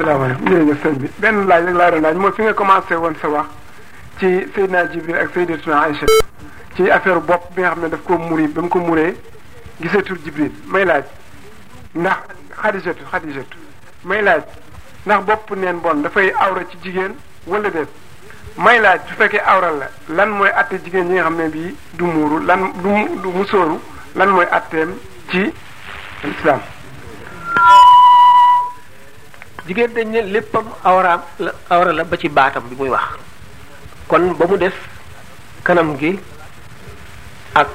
salaamaaleykum jërëjëf sëñ bi benn laaj rek laa doon laaj mooy fi nga commencé woon sa wax ci Seydina Jibril ak Seydatuna Aïcha ci affaire bopp bi nga xam ne daf ko muri ba mu ko muree gisatul Jibril may laaj ndax xadijatu xadijatu may laaj ndax bopp neen bon dafay awra ci jigéen wala déet may laaj su fekkee awra la lan mooy atte jigéen ñi nga xam ne bii du muuru lan du du musóoru lan mooy atteem ci islam jigéen dañ ne léppam awraam la awra la ba ci baatam bi muy wax kon ba mu des kanam gi ak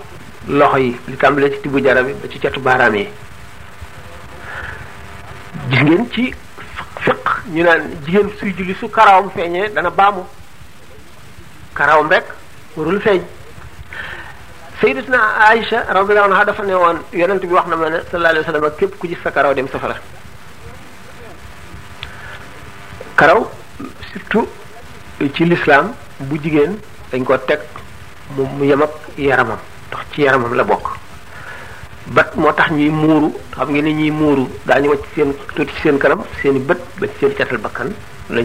loxo yi li tàmbalee ci tibu jara bi ba ci catu baaraam yi gis ngeen ci fiq ñu naan jigéen suy julli su karawam feeñee dana baamu karawam rek warul feeñ sayyidatuna Aïcha radiyallahu anha dafa ne woon yonent bi wax na ma ne sallallahu alayhi wa képp ku gis sa karaw dem safara karaw surtout ci lislaam bu jigéen dañ ko teg mu yem ak yaramam ndax ci yaramam la bokk bat moo tax ñuy muuru xam ngeen ni ñuy muuru daañu wàcc seen tuuti ci seen kanam seen i bët ba ci seen catal bakkan la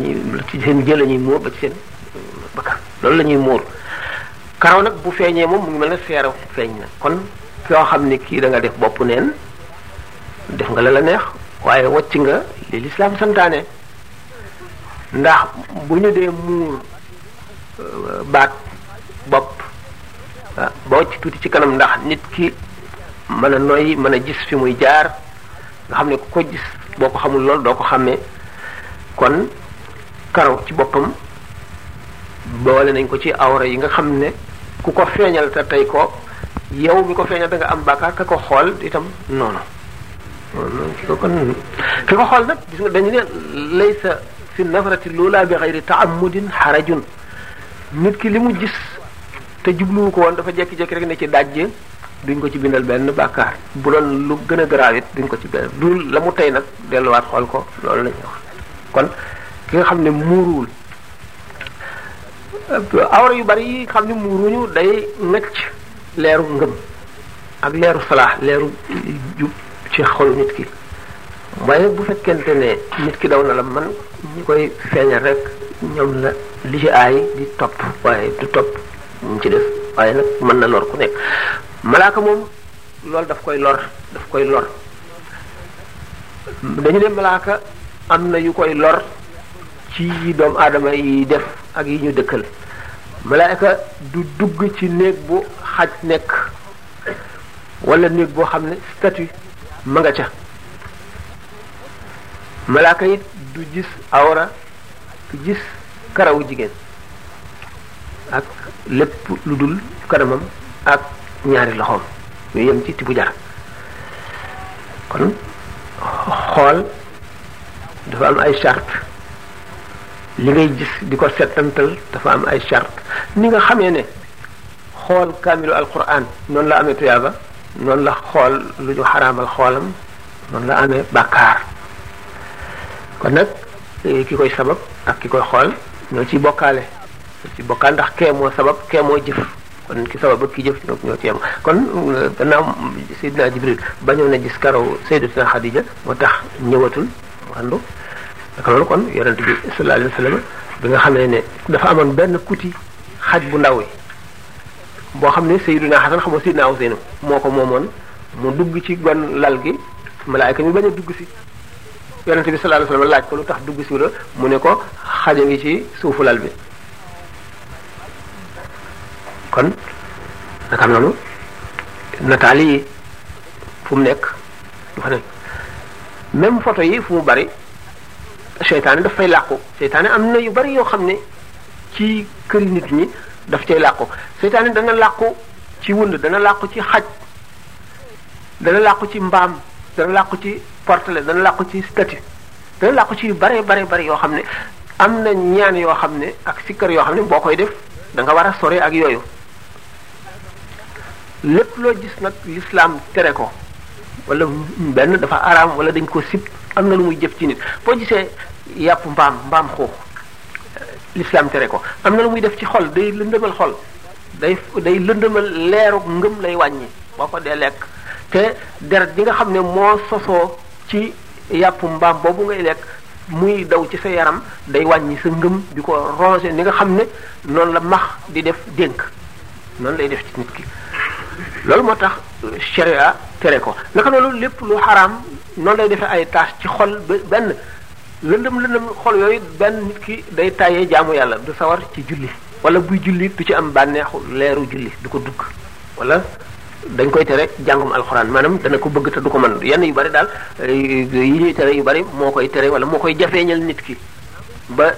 ci seen jël la ñuy muur ba ci seen euh, bakkan loolu la ñuy muur karaw nag bu feeñee moom mu ngi mel ne seeraw feeñ na kon koo xam ne kii da nga def bopp neen def nga la la neex waaye wàcc nga li lislaam santaane ndax bu ñu dee muur euh, baat bopp ah, ba wàcc tuuti ci kanam ndax nit ki mën a noyyi mën a gis fi muy jaar nga xam ne ku ko gis boo ko xamul lool doo ko xàmmee kon karaw ci boppam boole nañ ko ci awra yi nga xam ne ku ko feeñal te tey ko yow mi ko feeñal da nga am bàkkaar ka ko xool itam noonu ki ko xool nag dañu ne lay sa fi nafarati loola bi xayri taamudin xarajun nit ki li mu gis te jubluwu ko woon dafa jekki-jekki rek ne ci dajje duñ ko ci bindal benn bàkkaar bu doon lu gën a garaaw duñ ko ci benn du la mu tey nag delluwaat xool ko loolu la kon ki nga xam ne muuruwul awra yu bari yi xam ne muuruñu day necc leeru ngëm ak leeru salaax leeru jub ci xolu nit ki waaye bu fekkente ne nit ki daw na la man ñi koy feeñal rek ñoom la li ci aay di topp waaye du topp mu ci def waaye nag mën na lor ku nekk malaaka moom loolu daf koy lor daf koy lor dañu ne malaaka am na yu koy lor ci yi doomu aadama yi def ak yi ñu dëkkal malaaka du dugg ci néeg bu xaj nekk wala néeg boo xam ne statut ma nga ca malaaka it du gis awra gis karawu jigéen ak lépp lu dul kanamam ak ñaari loxoom ñu yem ci tibu jar kon xool dafa am ay charte li ngay gis di ko settantal dafa am ay charte ni nga xamee ne xool kaamilu alquran noonu la amee tuyaaba noonu la xool lu ñu xaraamal xoolam noonu la amee bàkkaar kon nag eh, ki koy sabab ak ki koy xool ñoo ciy bokkaale ñoo ciy bokkaale ndax kee moo sabab kee moo jëf kon ki sabab ak ki jëf ñoo ñoo ci yem kon eh, gannaaw Seydina Jibril bañoon na gis karaw Seydatuna Xadija moo tax ñëwatul mu àndu naka loolu kon yonent bi sallallahu alayhi wa bi nga xam ne ne dafa amoon benn kuti xaj bu ndaw yi boo xam ne Seydina Xasan xamoo Seydina Useynu moo ko moomoon mu dugg ci gon lal gi malaayka mi bañ a dugg si yonent bi sallallahu alayhi laaj ko lu tax dugg la mu ne ko xaja ngi ci suufu lal bi kon naka noonu nataal yi fu mu nekk du fa nekk photo yi fu mu bari seytaane daf fay làqu seytaane am na yu bari yoo xam ne ci këri nit ñi daf cay làqu seytaane dana làqu ci wund dana làqu ci xaj dana làqu ci mbaam dana làqu ci portele dana làqu ci statut dana làqu ci yu bare bare bare yoo xam ne am na ñaan yoo xam ne ak sikkar yoo xam ne boo koy def da nga war a sore ak yooyu lépp loo gis nag l'islam tere ko wala benn dafa araam wala dañ ko sib am na lu muy jëf ci nit boo gisee yàpp mbaam mbaam xuux l'islam tere ko am na lu muy def ci xol day lëndëmal xol day day lëndëmal leeru ngëm lay wàññi boo ko dee lekk te deret ji nga xam ne moo sosoo ci yàppu mbaam boobu ngay lekk muy daw ci sa yaram day wàññi sa ngëm di ko rongé ni nga xam ne noonu la max di def dénk noonu lay def ci nit ki loolu moo tax sharia tere ko naka loolu lépp lu xaraam noonu lay defee ay tache ci xol benn lëndëm lëndëm xol yooyu benn nit ki day tàyyee jaamu yàlla du sawar ci julli wala buy julli du ci am bànneexu leeru julli du ko dugg wala dañ koy tere jàngum alxuraan maanaam dana ko bëgg te du ko mën yenn yu bari daal eh, yi ñuy tere yu bari moo koy tere wala moo koy jafeeñal nit ki ba eh,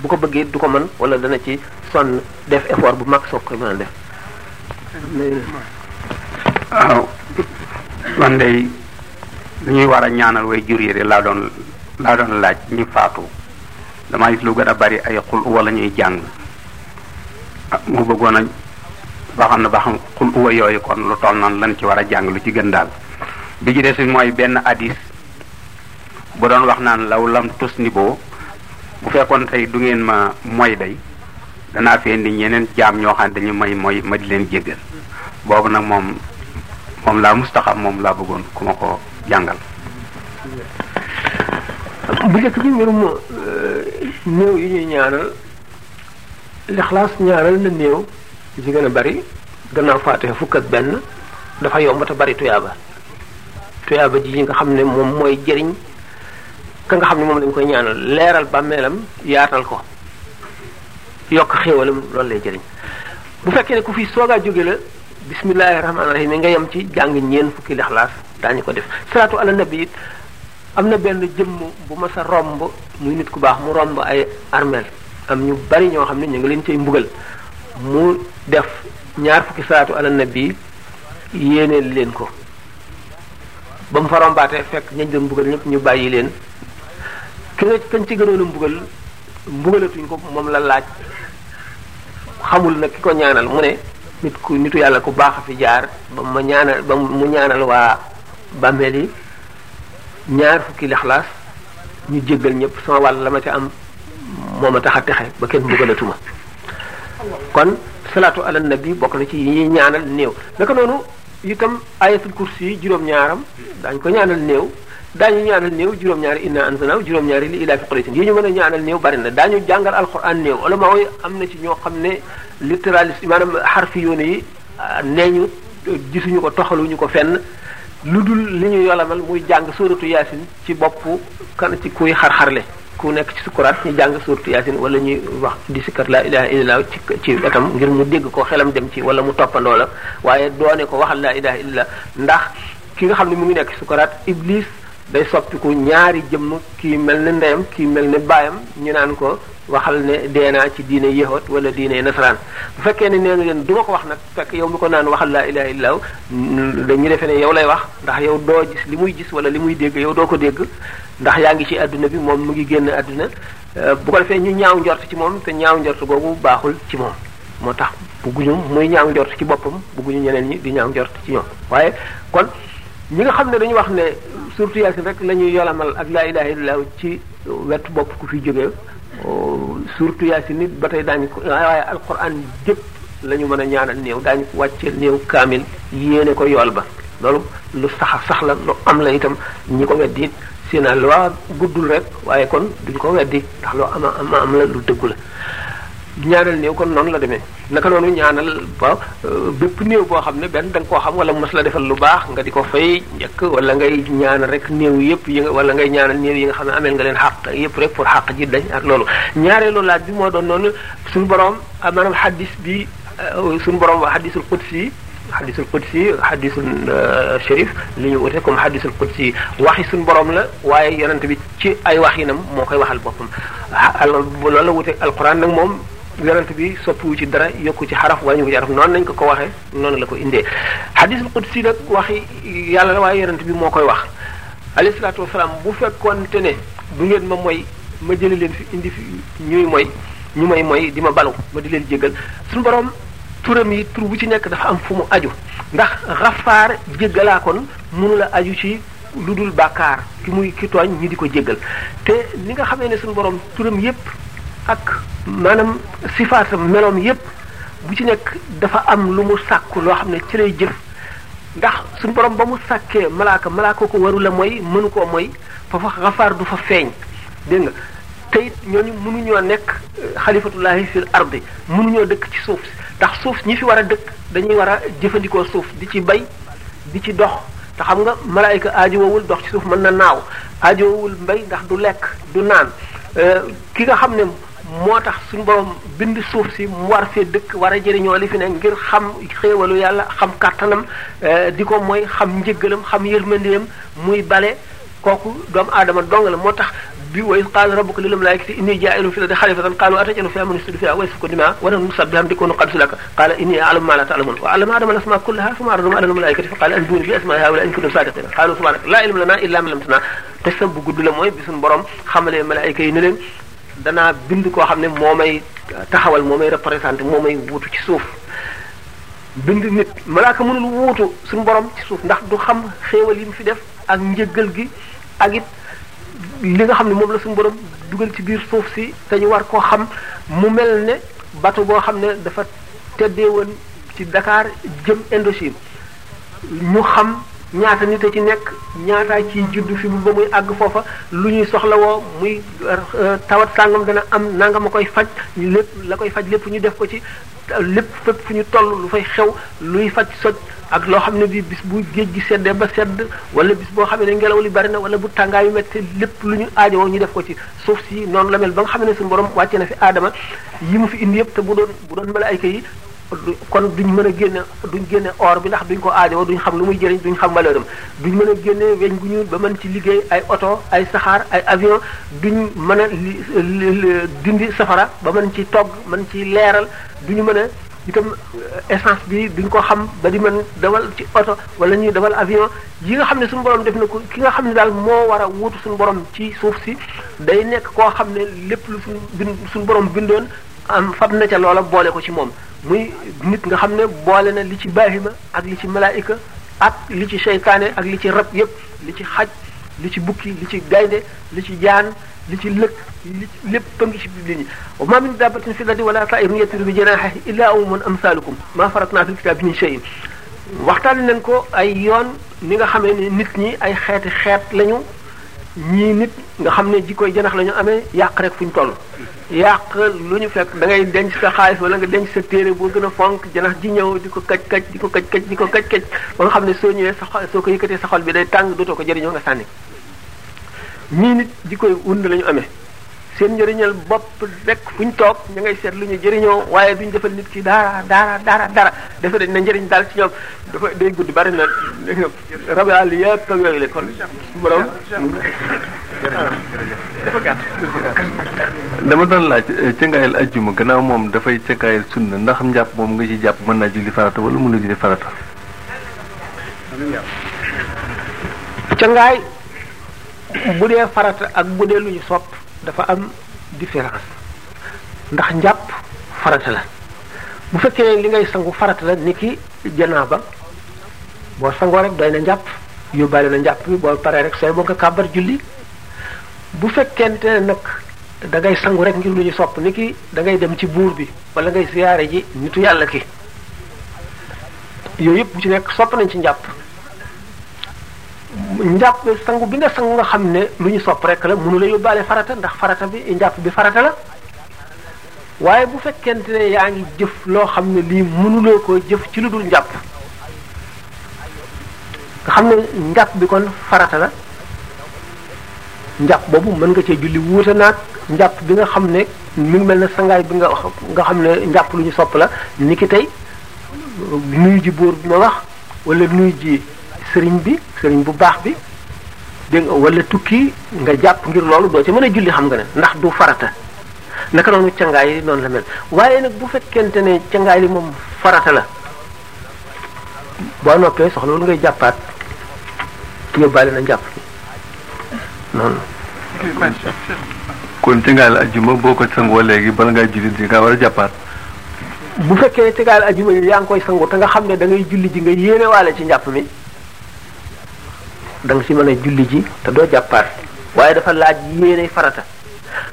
bu ko bëggee du ko mën wala dana ci sonn def effort bu mag soog koy mën a def. waaw man de li ñuy war a ñaanal way jur yi laa doon laa doon laaj ñu faatu damaa lu gën a bari ay xul wala ñuy jàng ah, mu bëggoon a waxoon na ba xam xul uwa yooyu kon lu toll noonu lan ci war a jàng lu ci gën daal bi ci des mooy benn hadis bu doon wax naan law lam tus ni bu fekkoon tey du ngeen ma moy day danaa fi indi ñeneen jaam ñoo xam ne dañu may mooy ma di leen jéggal boobu nag moom moom laa mustaxab moom laa bëggoon ku ma ko jàngal bu njëkk bi mbirum euh, néew yi ñuy ñaanal lixlaas ñaanal na néew li ci gën a bari gannaaw faatiha fukk ak benn dafa yombat te bari tuyaaba tuyaaba ji nga xam ne moom mooy jëriñ ka nga xam ne moom lañ koy ñaanal leeral bàmmeelam yaatal ko yokk xéewalam loolu lay jëriñ bu fekkee ku fi soogaa jóge la bismillahi rahmaani rahim nga yem ci jàng ñeen fukki lixlaas daañu ko def salaatu ala nabi it am na benn jëmm bu ma sa romb muy nit ku baax mu romb ay armel am ñu bari ñoo xam ne ñu ngi leen cay mbugal mu def ñaar fukki salaatu ala nabi yéeneel leen ko ba mu farombaatee fekk ñañ doon mbugal ñëpp ñu bàyyi leen ki nga kañ ci gënoon a mbugal mbugalatuñ ko moom la laaj xamul na ki ko ñaanal mu ne nit ku nitu yàlla ku baax a fi jaar ba ma ñaanal ba mu ñaanal waa bàmmeel yi ñaar fukki lixlaas ñu jéggal ñëpp sama wàll la ma ci am moo ma tax a texe ba kenn mbugalatuma kon salaatu ala nabi bokk na ci yi ñaanal néew naka noonu itam ayatul kursi yi juróom-ñaaram daañu ko ñaanal néew daañu ñaanal néew juróom-ñaari inna anzalnahu juróom-ñaari li ilaafi quraysin yi ñu mën a ñaanal néew bari na daañu jàngal alquran néew ulama yi am na ci ñoo xam ne littéraliste maanaam xarfi yoone yi ah, neeñu gisuñu ko toxaluñu ko fenn lu dul li ñu yolamal muy jàng suratu yaasin ci bopp kan ci kuy xar-xarle ku nekk ci sukkuraat ñu jàng suurtu yaasin wala ñuy wax di sikkat laa ilaha illallah ci ci wetam ngir mu dégg ko xelam dem ci wala mu toppandoo la waaye doone ko waxal laa ilaha illallah ndax ki nga xam ne mu ngi nekk ci sukkuraat iblis day soppiku ñaari jëmm kii mel ne ndeyam kii mel ne baayam ñu naan ko waxal ne deenaa ci diine yéexoot wala diine nasaraan bu fekkee ne nee nga leen du ma ko wax nag fekk yow mu ko naan waxal laa ilaha illallah mm, dañu defee ne yow lay wax ndax yow li muy gis wala li muy dégg yow doo ko dégg ndax yaa ngi ci àdduna bi moom mu ngi génn adduna euh, bu ko defee ñu ñaaw njort ci moom te ñaaw njort boobu baaxul ci moom moo tax bugguñu muy ñaaw njort ci boppam bugguñu ñeneen ñi di ñaaw njort ci ñoom waaye kon ñi nga xam ne dañu wax ne surtout yaasin rek la ñuy yolamal ak laa ilaha illallah ci wet bopp ku fi jógee euh, surtout yaasin nit ba tey daañu ko waaye alquran jëpp lañu ñu mën a ñaanal néew daañu ko wàcceel néew kaamil yéene ko yool ba loolu lu sax sax la lu am la itam ñi ko weddi la loi guddul rek waaye kon duñ ko weddi ndax loo ama am la lu dëggu la ñaanal néew kon noonu la demee naka noonu ñaanal ba euh, bépp néew boo xam ne benn da nga koo xam wala mos la defal lu baax nga di ko fay njëkk wala ngay ñaan rek néew yëpp yi wala ngay ñaanal néew yi nga xam ne ameel nga leen xàq yëpp rek pour xàq ji dañ ak loolu ñaareelu laaj bi moo doon noonu suñu borom maanaam xaddis bi euh, suñu borom wa xaddisul qudsi xadisul qudsi xadisul euh, sharif li ñu wute comme xadisul qudsi waxi suñ boroom la waaye yonent bi ci ay wax waxinam moo koy waxal boppam loolu la wute alquran nag moom yonent bi soppiwu ci dara yokk ci xaraf waaye ñu ko ci xaraf noonu nañ ko ko waxee noonu la ko indee xadisul qudsi nag waxi yàlla la waaye yonent bi moo koy wax alayhi salaatu wasalaam bu fekkoonte ne bu ngeen ma mooy ma jëli leen fi indi fi ñuy mooy ñu may mooy di ma balu ma di leen jégal suñu turam yi tur bu ci nekk dafa am fu mu aju ndax xafaar jéggalaa kon mënula aju ci lu dul bàkkaar ki muy ki tooñ ñi di ko jéggal te ni nga xamee ne suñu borom turam yépp ak maanaam sifaatam meloom yépp bu ci nekk dafa am lu mu sàkku loo xam ne ci lay jëf ndax suñu borom ba mu sàkkee malaaka malaaka ko waru la mooy mënu koo mooy foofa xafaar du fa feeñ dégg nga te it ñooñu mënuñoo nekk eh, xalifatullahi fil ardi mënuñoo dëkk ci suuf si ndax suuf ñi fi war a dëkk dañuy war a jëfandikoo suuf di ci bay di ci dox te xam nga malaayka aajowul dox ci suuf mën na naaw aajowul mbay ndax du lekk du naan euh, ki nga xam ne moo tax suñu borom bind suuf si mu war fee dëkk war a jëriñoo li fi ne ngir xam xéewalu yàlla xam kàttanam euh, di ko mooy xam njëggalam xam yërmandeem muy bale kooku doomu aadama dong la moo tax bi wa iz qaala rabbuka lil malaa'ikati inni jaa'ilun fil ardi xalifatan qaalu atajalu fiihaa man yufsidu fiihaa wa yasfiku dimaa wa nahnu nusabbihu bihamdika wa nuqaddisu laka qaala inni a'lamu maa laa ta'lamuun wa 'allama aadama al-asmaa' kullahaa thumma 'aradahum 'alaa al-malaa'ikati fa qaala unabbi'uunii bi asmaa'i haa'ulaa'i in kuntum saadiqiin qaalu subhaanaka laa 'ilma lanaa illaa maa 'allamtanaa te sa bu gudd la mooy bi suñu borom xamalee malaayika yi ne leen danaa bind koo xam ne moo may taxawal moo may représenté moo may wuutu ci suuf bind nit malaaka mënul wuutu suñu borom ci suuf ndax du xam xéewal yi mu fi def ak njëggal gi ak it li nga xam ne moom la suñu borom dugal ci biir suuf si te ñu war koo xam mu mel ne bateau boo xam ne dafa teddee woon ci Dakar jëm Indochine ñu xam ñaata nit a ci nekk ñaataa ciy judd fi ba muy àgg foofa lu ñuy soxlawoo muy euh, tawat sàngam dana am nangam a koy faj lépp la koy faj lépp ñu def ko ci lépp fépp fu ñu toll lu fay xew luy faj soj ak loo xam ne bi bis bu géej gi seddee ba sedd wala bis boo xam ne ngelaw li bari na wala bu tàngaayu yu métti lépp lu ñu aajowoo ñu def ko ci suuf si noonu la mel ba nga xam ne suñu borom wàcce na fi aadama yi mu fi indi yëpp te bu doon bu doon malaayka yi kon duñ mën a génne duñ génne or bi ndax duñ ko aajowoo duñ xam lu muy jëriñ duñ xam valeur am duñ mën a génne weñ gu ñu ba mën ci liggéey ay oto ay saxaar ay avion duñ mën a dindi safara ba mën ci togg mën ci leeral ñu mën a itam euh, essance bi nga ko xam ba di mën dawal ci oto wala ñuy dawal avion yi nga xam ne suñu borom def na ko ki nga xam ne daal moo war a wuutu suñu borom ci suuf si day nekk koo xam ne lépp lu suñu bind suñu borom bindoon am fab na ca loola boole ko ci moom muy nit nga xam ne boole na li ci baahima ak li ci malaayika ak li ci seytaane ak li ci rab yépp li ci xaj li ci bukki li ci gaynde li ci jaan li ci lëkk li lépp a ngi ci biir nit ñi wa ma min dabbatin fi ladi wala ta'irin yatiru bi janahihi illa umman amsalukum ma faratna fil kitabi min shay'in waxtaan nañ ko ay yoon ni nga xamee ne nit ñi ay xeeti xeet lañu ñii nit nga xam ne jikkoy janax la ñu amee yàq rek fu ñu toll yàq lu ñu fekk da ngay denc sa xaalis wala nga denc sa téere gën a fonk janax ji ñëw di ko kaj kaj di ko kaj kaj di ko kaj kaj ba nga xam ne soo ñëwee sa xol soo ko yëkkatee sa bi day tàng dootoo ko jëriñoo nga sànni nii nit jikko yu wund la amee seen njëriñal bopp rek fu ñu toog ñu ngay seet lu ñu jëriñoo waaye duñ defal nit ki dara dara dara dara defe dañ na njëriñ daal ci ñoom dafa day guddi bari na rabi àll yëpp ak yooyu la kon borom dafa gàtt dama doon laaj eh, cëngaayal ajjuma gannaaw moom dafay cëngaayal sunna ndax njàpp moom nga ci jàpp mën naa julli farata wala mën na julli farata cëngaay bu dee farata ak bu dee lu ñu sopp dafa am différence ndax njàpp farata la bu fekkee li ngay sangu farat la ni ki ba boo sangoo rek doy na njàpp yóbbaale na njàpp bi boo paree rek sooy boo nga kàbbar julli bu fekkente nag dangay sangu rek ngir lu ñu sopp ni ki da dem ci buur bi wala ngay siyaare ji nitu yàlla ki yooyu yëpp ci nekk sopp nañ ci njàpp njàpp sangu bi nga sangu nga xam ne lu ñu sopp rek la mënu la yóbbaale farata ndax farata bi njàpp bi farata la waaye bu fekkent ne yaa ngi jëf loo xam ne lii mënuloo ko jëf ci lu njàpp xam ne njàpp bi kon farata la njàpp boobu mën nga cee julli wuute naag njàpp bi nga xam ne mi mel ne sangaay bi nga wax xam ne njàpp lu ñu sopp la ni ki tey nuyu ji bóor bi ma wax wala nuyu ji sëriñ bi sëriñ bu baax bi dégg nga wala tukki nga jàpp ngir loolu doo ci mën a julli xam nga ne ndax du farata naka noonu cangaay noonu la mel waaye nag bu fekkente ne cangaay li moom farata la boo noppee soxla wul ngay jàppaat yóbbaale na jàpp noonu. kon cangaay la ajjuma boo ko sangoo léegi bala ngay julli di nga war a jàppaat. bu fekkee ne cangaay la ajjuma yaa ngi koy sangoo te nga xam ne da ngay julli ji nga yéenewaale ci njàpp mi. da nga si mën a julli ji te doo jàppaat waaye dafa laaj yéene farata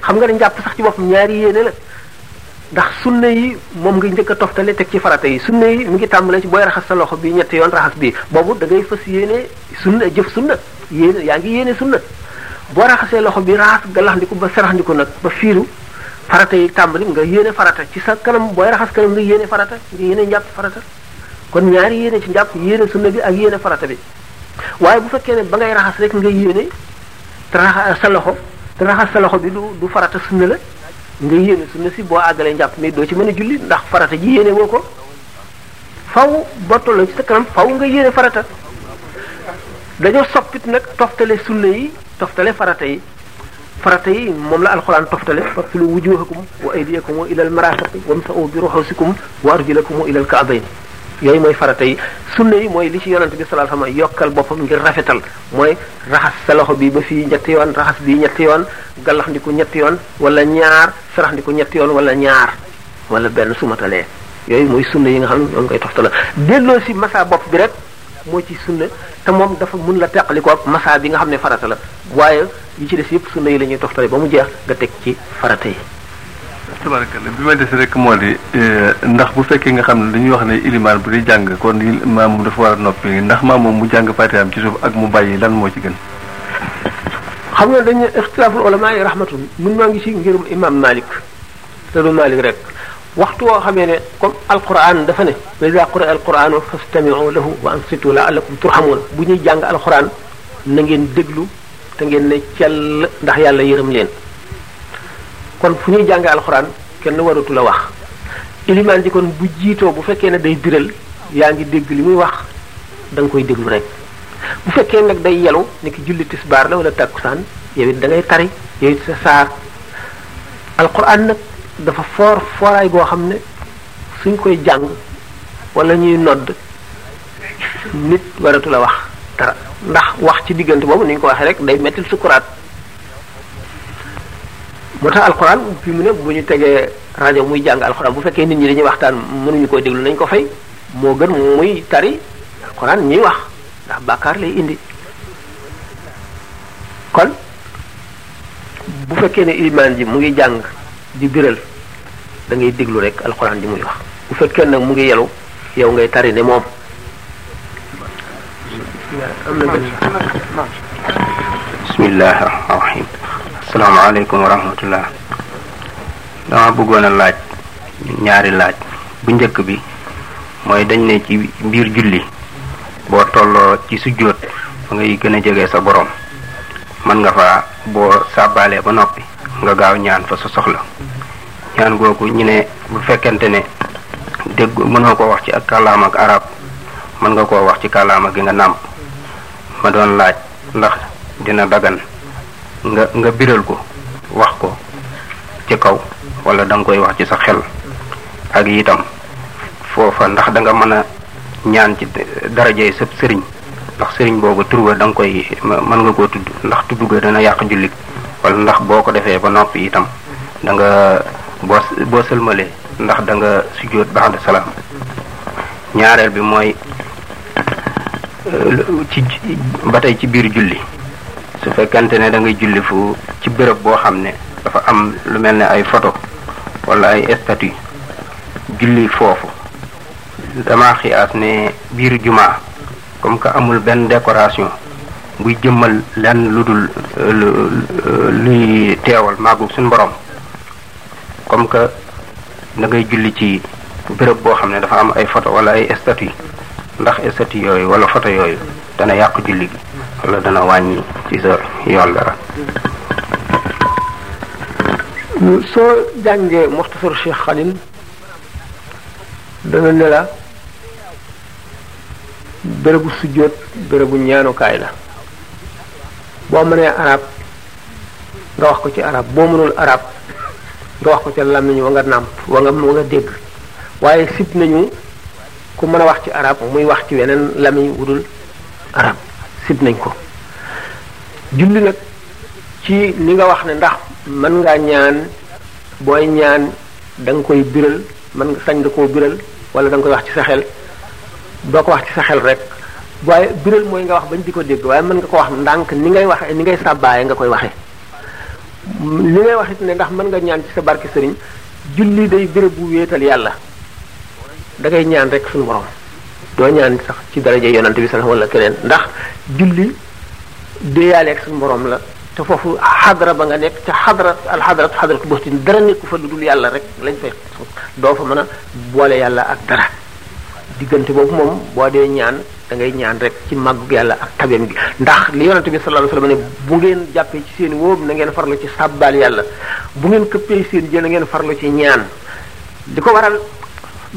xam nga ne njàpp sax ci boppam ñaari yéene la ndax sunna yi moom ngi njëkk a toftale teg ci farata yi sunna yi mu ngi tàmbale ci booy raxas sa loxo bi ñetti yoon raxas bi boobu da ngay fas yéene sunna jëf sunna yéene yaa ngi yéene sunna boo raxasee loxo bi raxas galaxndiku ba seraxndiku nag ba fiiru farata yi tàmbali nga yéene farata ci sa kanam booy raxas kanam nga yéene farata nga yéene njàpp farata kon ñaari yéene ci njàpp yéene sunna bi ak yéene farata bi waaye bu fekkee ne ba ngay raxas rek nga yéene raxas sa loxo te raxas sa loxo bi du du farata sunna la nga yéene sunna si boo àggalee njàpp mais doo ci mën a julli ndax farata ji yéene woo ko faw boo tolloo ci sa kanam faw nga yéene farata dañoo soppit nag toftale sunna yi toftale farata yi farata yi moom la alxuraan toftale fagsilu wujuhakum wa aydiyakum wa ilal marafiqi wamsa'u bi ru'usikum wa arjulakum ilal ka'bayn yooyu mooy farata yi sunna yi mooy li ci yonante bi sallallahu alayhi wasallam yokkal boppam ngir rafetal mooy raxas sa loxo bi ba fii ñetti yoon raxas bi ñetti yoon gallax ndiku ñetti yoon wala ñaar sarax ndiku ñetti yoon wala ñaar wala benn sumatalee yooyu mooy sunna yi nga xam ne ñoom koy toftala delloo si masa bopp bi rek moo ci sunna te moom dafa mun la teqali ko ak masa bi nga xam ne farata la waaye li ci des yëpp sunna yi lañuy ñuy ba mu jeex nga teg ci farata yi tabarakalla bi ma des rek moo de eh, ndax bu fekkee nga xam ne dañuy wax ne ilimaan bu dee jàng kon maam dafa war a noppi ndax maam moom mu jàng fatihaam ci suuf ak mu bàyyi lan moo ci gën xam nga dañu ixtilaaful ulamaa yi rahmatun maa ngi ci ngirum imam malik te du rek waxtu woo xamee ne comme alquran dafa ne wa iza quri'a alquranu fastami'u lahu wa ansitu la'allakum bu ñuy jàng alquran na ngeen déglu te ngeen ne cell ndax yàlla yërëm leen kon fu ñuy jànge alxuraan kenn waratu la wax ilimaan ji kon bu jiitoo bu fekkee ne day biral yaa ngi dégg li muy wax da koy déglu rek bu fekkee nag day yelu ni ki julli baar la wala takkusaan yow it da ngay tari yow it sa saar alxuraan nag dafa foor fooraay goo xam ne suñ koy jàng walla ñuy nodd nit waratu la wax dara ndax wax ci diggante boobu nuñ ko waxee rek day mettil sukuraat moo tax alxuraan fi mu ne bu ñu tegee rajo muy jàng alxuraan bu fekkee nit ñi dañuy waxtaan mënuñu koo déglu nañ ko fay moo gën muy tari alxuraan ñuy wax ndax bàkkaar lay indi kon bu fekkee ne ilimaan ji mu ngi jàng di biral dangay ngay déglu rek alxuraan ji muy wax bu fekkee nag mu ngi yelu yow ngay tari ne moom bismillah rahmaan rahim salaamaaleykum wa rahmatullah dama bëggoon a laaj ñaari laaj bu njëkk bi mooy dañ ne ci biir julli boo tolloo ci sujjóot fa ngay gën a jege sa boroom mën nga fa boo sàbbaalee ba noppi nga gaaw ñaan fa sa soxla ñaan googu ñu ne bu fekkente ne dégg mënoo ko wax ci ak kàllaama ak arab mën nga koo wax ci kàllaama gi nga nàmp ma doon laaj ndax dina dagan nga nga biral ko wax ko ci kaw wala danga koy wax ci sa xel ak itam foofa ndax danga nga mën a ñaan ci darajey sëb sëriñ ndax sëriñ boobu turwa da koy mën nga koo tudd ndax tudd ga dana yàq jullit wala ndax boo ko defee ba noppi itam danga nga boo sëlmalee ndax danga nga sujjóot ba'da salaam ñaareel bi mooy euh, ci ba tey ci biir julli su fekkante ne da ngay julli fu ci bërëb boo xam ne dafa am lu mel ne ay photo walla ay statue julli foofu dama xiyaas ne biir jumaa comme que amul benn décoration buy jëmmal lenn lu dul euh, euh, luy teewal màggug suñ borom comme que da ngay julli ci béréb boo xam ne dafa am ay photo wala ay statue ndax statue yooyu wala photo yooyu dana yàq julli gi la dana wàññi ci sa yool dara soo jàngee muxtasar Cheikh Khalil dana ne la bérébu sujjóot bérébu ñaanukaay la boo mënee arab nga wax ko ci arab boo mënul arab nga wax ko ca làmmiñ wa nga nàmp wa nga wa nga dégg waaye sib nañu ku mën a wax ci arab muy wax ci weneen làmmiñ wudul arab sib nañ ko julli nag ci ni nga wax ne ndax man ngaa ñaan booy ñaan da koy biral mën nga sañ nga koo biral wala da nga koy wax ci sa xel doo ko wax ci sa xel rek waaye biral mooy nga wax bañ di ko dégg waaye mën nga ko wax ndànk ni ngay waxee ni ngay sàbbaaye nga koy waxee li ngay wax it ne ndax mën nga ñaan ci sa barke sëriñ julli day béréb bu wéetal yàlla dangay ñaan rek suñu borom doo ñaan sax ci daraja yonante bi sallallahu alayhi wasallam wala keneen ndax julli déeyaale ak suñu borom la te foofu xadra ba nga nekk ca xadra alxadrat xadratu bostin dara nekku fa lu dul yàlla rek lañ fa doo fa mën a boole yàlla ak dara diggante boobu moom boo dee ñaan dangay ñaan rek ci màggug yàlla ak tabeem gi ndax li yonante bi sallallahu la wasallam ne bu ngeen jàppee ci seen wóob na ngeen farlu ci sàbbaal yàlla bu ngeen këppee seen jën na ngeen farlu ci ñaan li ko waral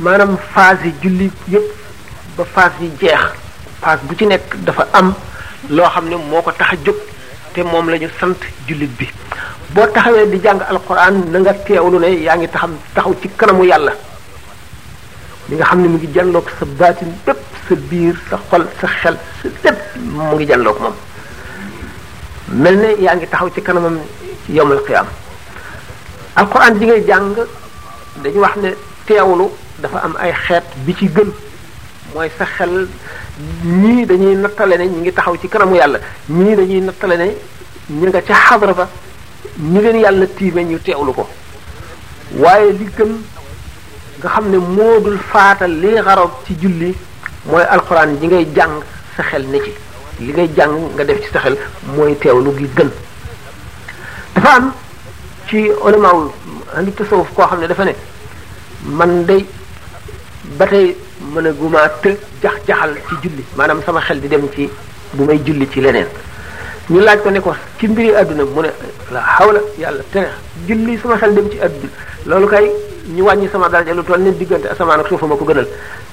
maanaam phase yi julli yépp ba phase yi jeex phase bu ci nekk dafa am loo xam ne moo ko tax a jóg te moom la ñu sant jullit bi boo taxawee di jàng alquran na nga teewlu ne yaa ngi taxam taxaw ci kanamu yàlla li nga xam ne mu ngi jàlloog sa baatin bépp sa biir sa xol sa xel sa ngi jàlloog moom mel ne yaa ngi taxaw ci kanamam ci yowmal qiyaam alquran di ngay jàng dañu wax ne teewlu dafa am ay xeet bi ci gën mooy sa fexel ñii dañuy nattale ne ñi ngi taxaw ci kanamu yàlla ñii dañuy nattale ne ñi nga ca xadra ba ñi leen yàlla tiime ñu teewlu ko waaye li gën nga xam ne moo dul faatal li xarob ci julli mooy alxuraan ji ngay jàng sa xel ne ci li ngay jàng nga def ci sa xel mooy teewlu gi gën dafa am ci ulamaaw ahlu tasawuf koo xam ne dafa ne man day ba tey mën a gumaa të jax-jaxal ci julli maanaam sama xel di dem ci bu may julli ci leneen ñu laaj ko ne ko ci mbiri àdduna mu ne la xawla yàlla tere julli sama xel dem ci àdduna loolu kay ñu wàññi sama daraja lu toll ne diggante asamaan ak suufa ma ko gënal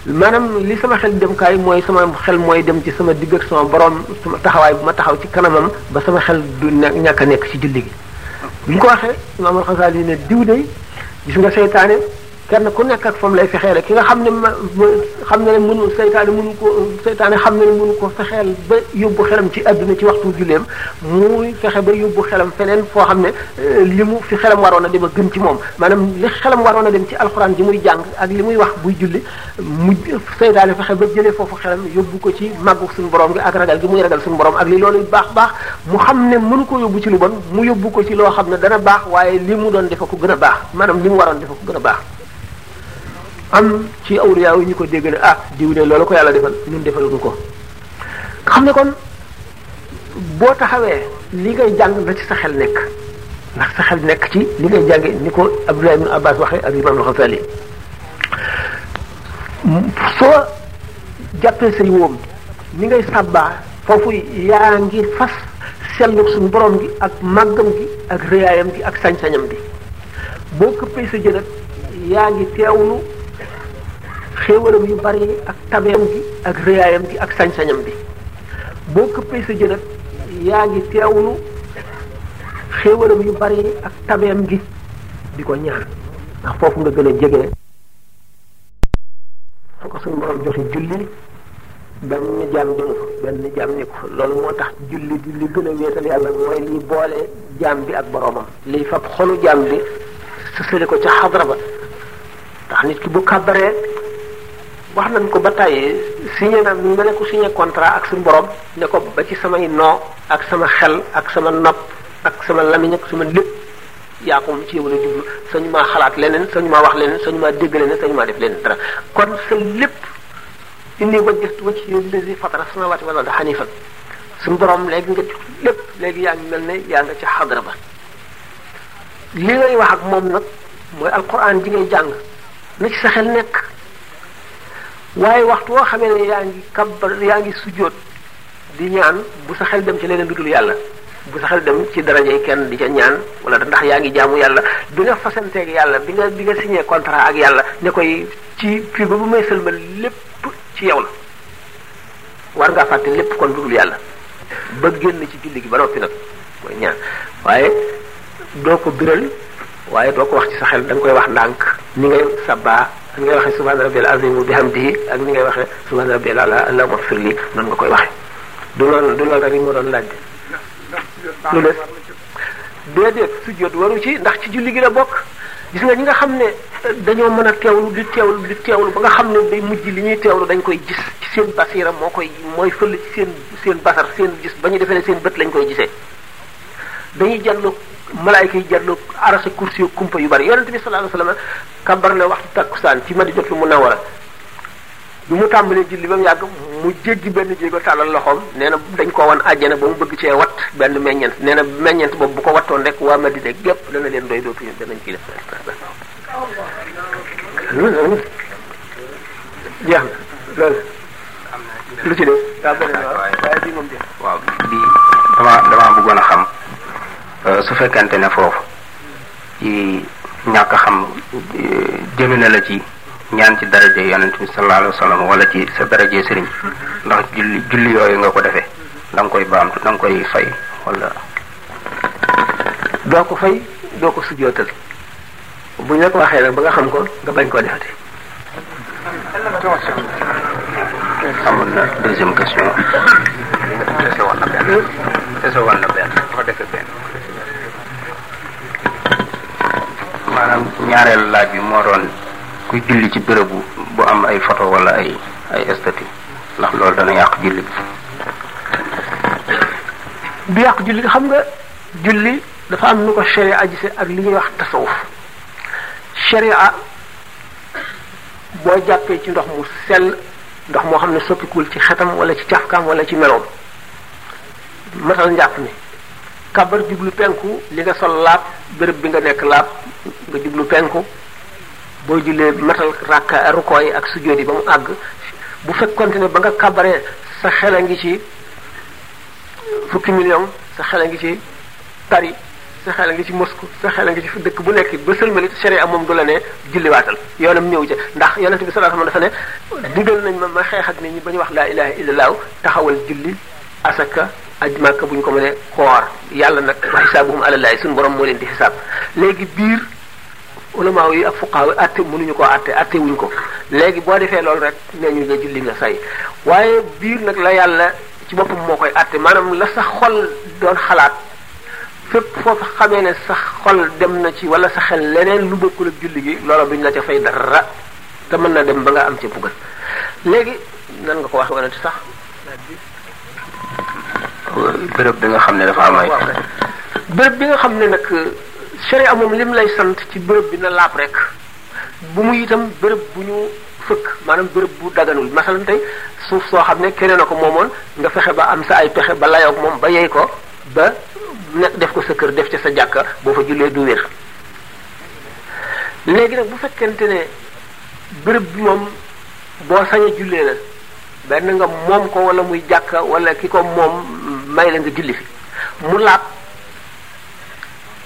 maanaam li sama xel dem kaay mooy sama xel mooy dem ci sama digg ak sama borom sama taxawaay bu ma taxaw ci kanamam ba sama xel du ñàkk nekk ci julli gi bu ko waxee imaam al Xasaali ne diw day gis nga seytaane kenn ku nekk ak fam lay fexeele ki nga xam ne ma xam ne mënu seytaane mënu ko seytaane xam ne mënu ko fexeel ba yóbbu xelam ci àdduna ci waxtu julleem muy fexe ba yóbbu xelam feneen foo xam ne euh, li mu fi xelam waroon a dem a gën ci moom maanaam li xelam waroon a dem ci alxuraan ji muy jàng ak li muy wax buy julli mu seytaane fexe ba jëlee foofu xelam yóbbu ko ci màggu suñu borom gi ak ragal gi muy ragal suñu borom ak li loolu baax baax mu xam ne mënu ko yóbbu ci lu bon mu yóbbu ko ci loo xam ne dana baax waaye li mu doon defe ko gën a baax maanaam li mu waroon defe ko gën a baax am ci awliya wi ñu ko dégg ne ah diw loolu ko yàlla defal ñun defaluñu ko xam ne kon boo taxawee li ngay jàng na ci sa xel nekk ndax sa xel nekk ci li ngay jàng ni ko Abdullah ibn Abbas waxee ak Imam al-Ghazali soo jàppee say wóom ni ngay sàbbaa foofu yaa ngir fas sellu suñu borom gi ak màggam gi ak réyaayam gi ak sañ-sañam gi boo këppee sa jënat yaa ngi teewlu xéewalam yu bari yi ak tabeem gi ak rëyaayam gi ak sañsañam bi boo këppee sa jën yaa ngi teewlu xéewalam yu bari yi ak tabeem gi di ko ñaan ndax foofu nga gën a jege su ko suñu borom joxe julli benn jaam jëlu ko benn jaam ni ko loolu moo tax julli di gën a wéetal yàlla mooy liy boole jaam bi ak boromam liy fab xolu jaam bi sësale ko ca xadra ba nit ki bu kàbbaree wax nañ ko ba tàyyee signé na mu ne ko signé ak suñu borom ne ko ba ci samay noo ak sama xel ak sama nopp ak sama lamiñ ak sama lépp ya ko ci yow la jublu sañu maa xalaat leneen sañu maa wax leneen sañu maa dégg leneen sañu maa def leneen dara kon sa lépp inni wajjahtu wajhiya lillazi fatara samawati wal arda hanifan suñu borom léegi nga lépp léegi yaa ngi mel ne yaa nga ci xadra ba li ngay wax ak moom nag mooy alquran ji ngay jàng ci sa xel nekk. waaye waxtu woo xamee ne yaa ngi kabbar yaa ngi sujjóot di ñaan bu sa xel dem ci leneen du dul yàlla bu sa xel dem ci darajey kenn di ca ñaan wala ndax yaa ngi jàmm yàlla bi nga fasanteeg yàlla bi nga bi nga signé contrat ak yàlla ne koy ci fii ba bu may sëlmal lépp ci yow la war ngaa fàtte lépp kon lu dul yàlla ba génn ci julli gi ba noppi nag mooy ñaan waaye doo ko biral waaye doo ko wax ci sa xel da koy wax ndànk ni ngay sabbaa ni ngay waxee subhaana rabbil azim wa bihamdihi ak ni ngay waxee subhaana rabbil ala allahumma ighfir li noonu nga koy waxee du loolu du loolu rek li mu doon laaj lu des déedéet sujjóot waru ci ndax ci julli gi la bokk gis nga ñi nga xam ne dañoo mën a teewlu di teewlu di teewlu ba nga xam ne day mujj li ñuy teewlu dañ koy gis ci seen basiira moo koy mooy fël ci seen seen basar seen gis ba ñu defee ne seen bët lañ koy gisee dañuy jàll malaayka yi jàllu arasa kursi kumpa yu bari yonente bi sallallahu alayhi wasallam kabar na waxtu takkusaan ci Madinatul Munawwara bi mu tàmbalee julli ba mu yàgg mu jéggi benn jéego tàllal loxoom nee na dañ ko wan àjjana ba mu bëgg cee wat benn meññent nee na meññent boobu bu ko wattoon rek waa Madina gépp dana leen doy dootuñu danañ ci def jeex na loolu lu ci def waaw bi dama dama bëggoon a xam Euh, su fekkente ne foofu ci ñàkk xam jëme na la ci ñaan ci daraje yonent bi sallallahu wala ci sa daraje sëriñ ndax julli julli yooyu nga ko defee da nga koy baamtu da nga koy fay wala doo ko fay doo ko sujjootal bu la ko waxee nag ba nga xam ko nga bañ koo defati amoon na deuxième question maanaam ñaareelu laaj bi moo doon kuy julli ci béréb bu am ay photo wala ay ay esthétique ndax loolu dana yàq julli bi. du yàq julli xam nga julli dafa am nu ko sharia gisee ak li ñuy wax tasawuf sharia boo jàppee ci ndox mu sell ndox moo xam ne soppikuwul ci xetam walla ci cafkaam walla ci meloom matal njàpp ni kabar jublu penku li nga sol laab bërëb bi nga nekk laab nga jublu penku boo jullee matal rakka rukoo yi ak sujjóot yi ba mu àgg bu fekkoonte ne ba nga kabare sa xel a ngi ci fukki million sa xel a ngi ci Paris sa xel a ngi ci Moscou sa xel a ngi ci dëkk bu nekk ba sëlmalit sharia moom du la ne julliwaatal yoonam ñëw ca ndax yonente bi sallallahu alayhi dafa ne digal nañ ma ma xeex ak nit ñi ba ñu wax laa ilaha illallah taxawal julli asaka aj màkka bu ñu ko mënee koor yàlla nag wa xisaabuhum alallahi suñu boroom moo leen di xisaab léegi biir ulamaaw yi ak fuqaaw yi atte mënuñu koo atte atte wuñ ko léegi boo defee loolu rek nee ñu nga julli nga say waaye biir nag la yàlla ci boppam moo koy atte maanaam la sa xol doon xalaat fépp foofu xamee ne sa xol dem na ci wala sa xel leneen lu bokkul ak julli gi loola duñ la ca fay dara te mën na dem ba nga am ca bugal léegi nan nga ko wax wala sax bërëb bi nga xam ne dafa am ay bërëb bi nga xam ne nag sharia moom lim lay sant ci bërëb bi na laab rek bu mu itam bërëb bu ñu fëkk maanaam bërëb bu daganul masalan tey suuf soo xam ne keneen a ko moomoon nga fexe ba am sa ay pexe ba layoog moom ba yey ko ba nekk def ko sa kër def ci sa jàkka boo fa jullee du wér léegi nag bu fekkente ne bërëb bi moom boo sañ a jullee la benn nga moom ko wala muy jàkka wala ki ko moom bàyyi la nga julli fi mu laab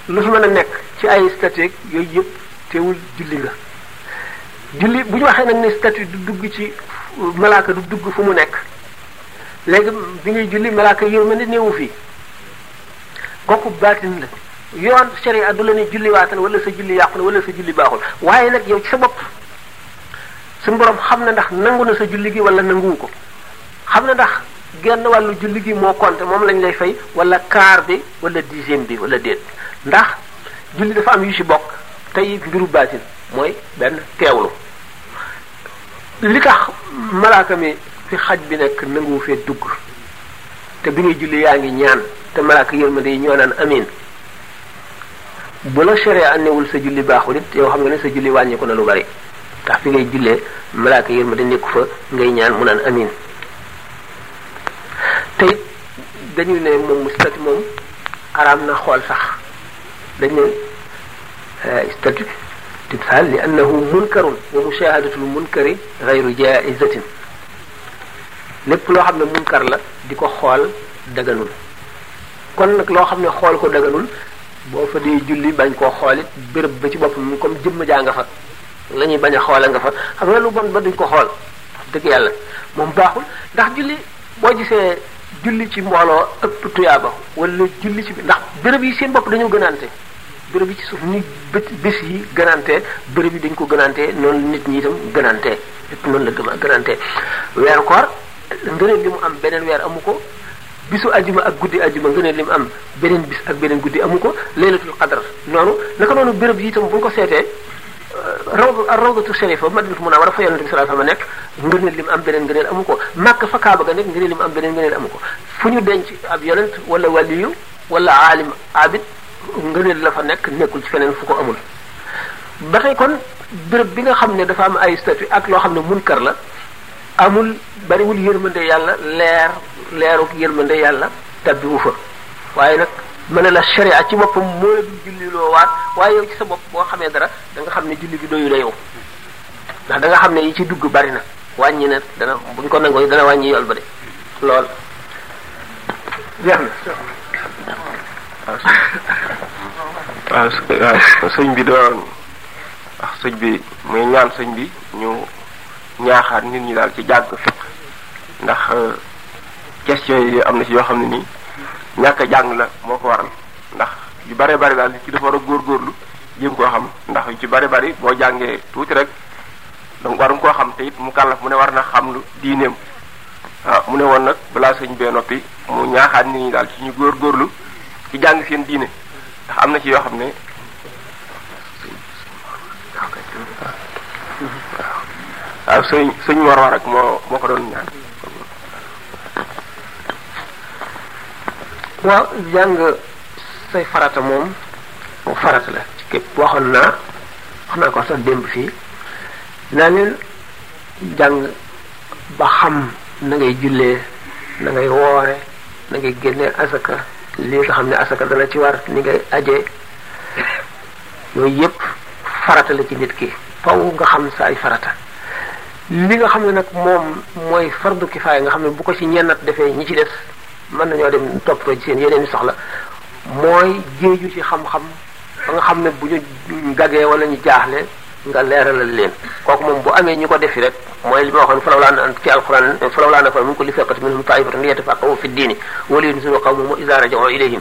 lu fi mën a nekk ci ay statut yooyu yëpp teewul julli nga julli bu ñu waxee nag ne statut du dugg ci malaaka du dugg fu mu nekk léegi bi ngay julli malaaka yërmande néewu fii kooku baatin la yoon sharia du la ne julli waatal wala sa julli yàqu na wala sa julli baaxul waaye nag yow ci sa bopp suñu borom xam na ndax nangu na sa julli gi wala nanguwu ko xam na ndax genn wàllu julli gi moo compté moom lañu lay fay wala quart bi wala dixième bi wala déet ndax julli dafa am yu ci bokk tey mbiru baatin mooy benn teewlu li malaaka mi xaj bi nekk nanguwu fee dugg te bi ngay julli yaa ngi ñaan te malaaka yërmande yi ñoo naan amiin bu la séré annewul sa julli baaxul it yow xam nga ne sa julli wàññeeku na lu bari ndax fi ngay jullee malaaka yërmande nekku fa ngay ñaan mu naan amiin te it dañu ne moom statut moom araam na xool sax dañu ne eh, statut timsal li annahu munkarun wa mushahadatul munkari gayru jaizatin lépp loo xam ne munkar la di ko xool daganul kon nag loo xam ne xool ko daganul boo fa dee julli bañ koo xool bërëb béréb ba ci boppam comme jëmm jaa nga fa la ñuy bañ a xoola nga fa xam nga lu bon ba duñ ko xool dëgg yàlla moom baaxul ndax julli boo gisee julli ci mbooloo ëpp tuyaaba wala julli ci bi ndax bërëb yi seen bopp dañoo gënante bërëb yi ci suuf ni bés bés yi gënaante béréb yi dañ ko gënaante noonu nit ñi gënante gënaante lépp noonu la gëma gënaante weeru koor ngëneel li mu am beneen weer amu ko bisu ajuma ak guddi ajuma ngëneel li mu am beneen bis ak beneen guddi amu ko laylatul qadar noonu naka noonu bërëb yi itam bu ñu ko seetee rawdu rawdatu sharifa madinatu munawwara fa yonente bi sallallahu alayhi wasallam nekk ngëneel lim am beneen ngëneel li ko màkk fa kaaba ga nekk ngëneel lim am beneen ngëneel amu ko fu ñu denc ab yonent wala waliyu wala aalim abid ngëneel la fa nekk nekkul ci feneen fu ko amul ba tey kon béréb bi nga xam ne dafa am ay statut ak loo xam ne munkar la amul bariwul yërmande yàlla leer leeruk yërmande yàlla tabbiwu fa waaye nag mën na la sharia ci boppam moo la julli loo waat waaye yow ci sa bopp boo xamee dara danga xam ne julli gi doyu la yow ndax danga xam ne yi ci dugg bari na wàññi na dana buñ ko nangoo dana wàññi yool ba de lool jeex na sëñ bi doon wax sëñ bi muy ñaan sëñ bi ñu ñaaxaat nit ñi daal ci jàgg fiq ndax euh, question yi am na ci yoo xam ne nii ñàkk jàng la moo ko waral ndax yu bare bari daal ci dafa war a góorlu jéem koo xam ndax yu ci bare bari boo jàngee tuuti rek donc waruñ koo xam te it mu kàllaf mu ne war na xam lu diineem waaw mu ne woon nag balaa sëñ bee noppi mu ñaaxaat nit ñi daal ci ñu góorgóorlu ci jàng seen diine ndax am na ci yoo xam ne waaw sëñ sëñ war War rek moo moo ko doonu ñaan waaw jàng say farata moom moom farata la képp waxoon naa wax naa ko sax démb fii naa jàng ba xam na ngay jullee na ngay woore nangay ngay génnee asaka li nga xam ne asaka dana ci war ni ngay aje yooyu yëpp farata la ci nit ki faw nga xam sa ay farata li nga xam ne nag moom mooy fardu kifaaya nga xam ne bu ko ci ñennat defee ñi ci des mën nañoo dem topp ci seen yeneen i soxla mooy jéeju ci xam-xam ba nga xam ne bu ñu gagee wala ñu jaaxle nga leeralal leen kooku moom bu amee ñu ko defi rek mooy li ma waxoon falaw laa ci alquran falaw laa nafar min kulli firqatin minhum ta'ifatun liyatafaqqahu fi diini wa liyunziru qawmahum idha raja'u ilayhim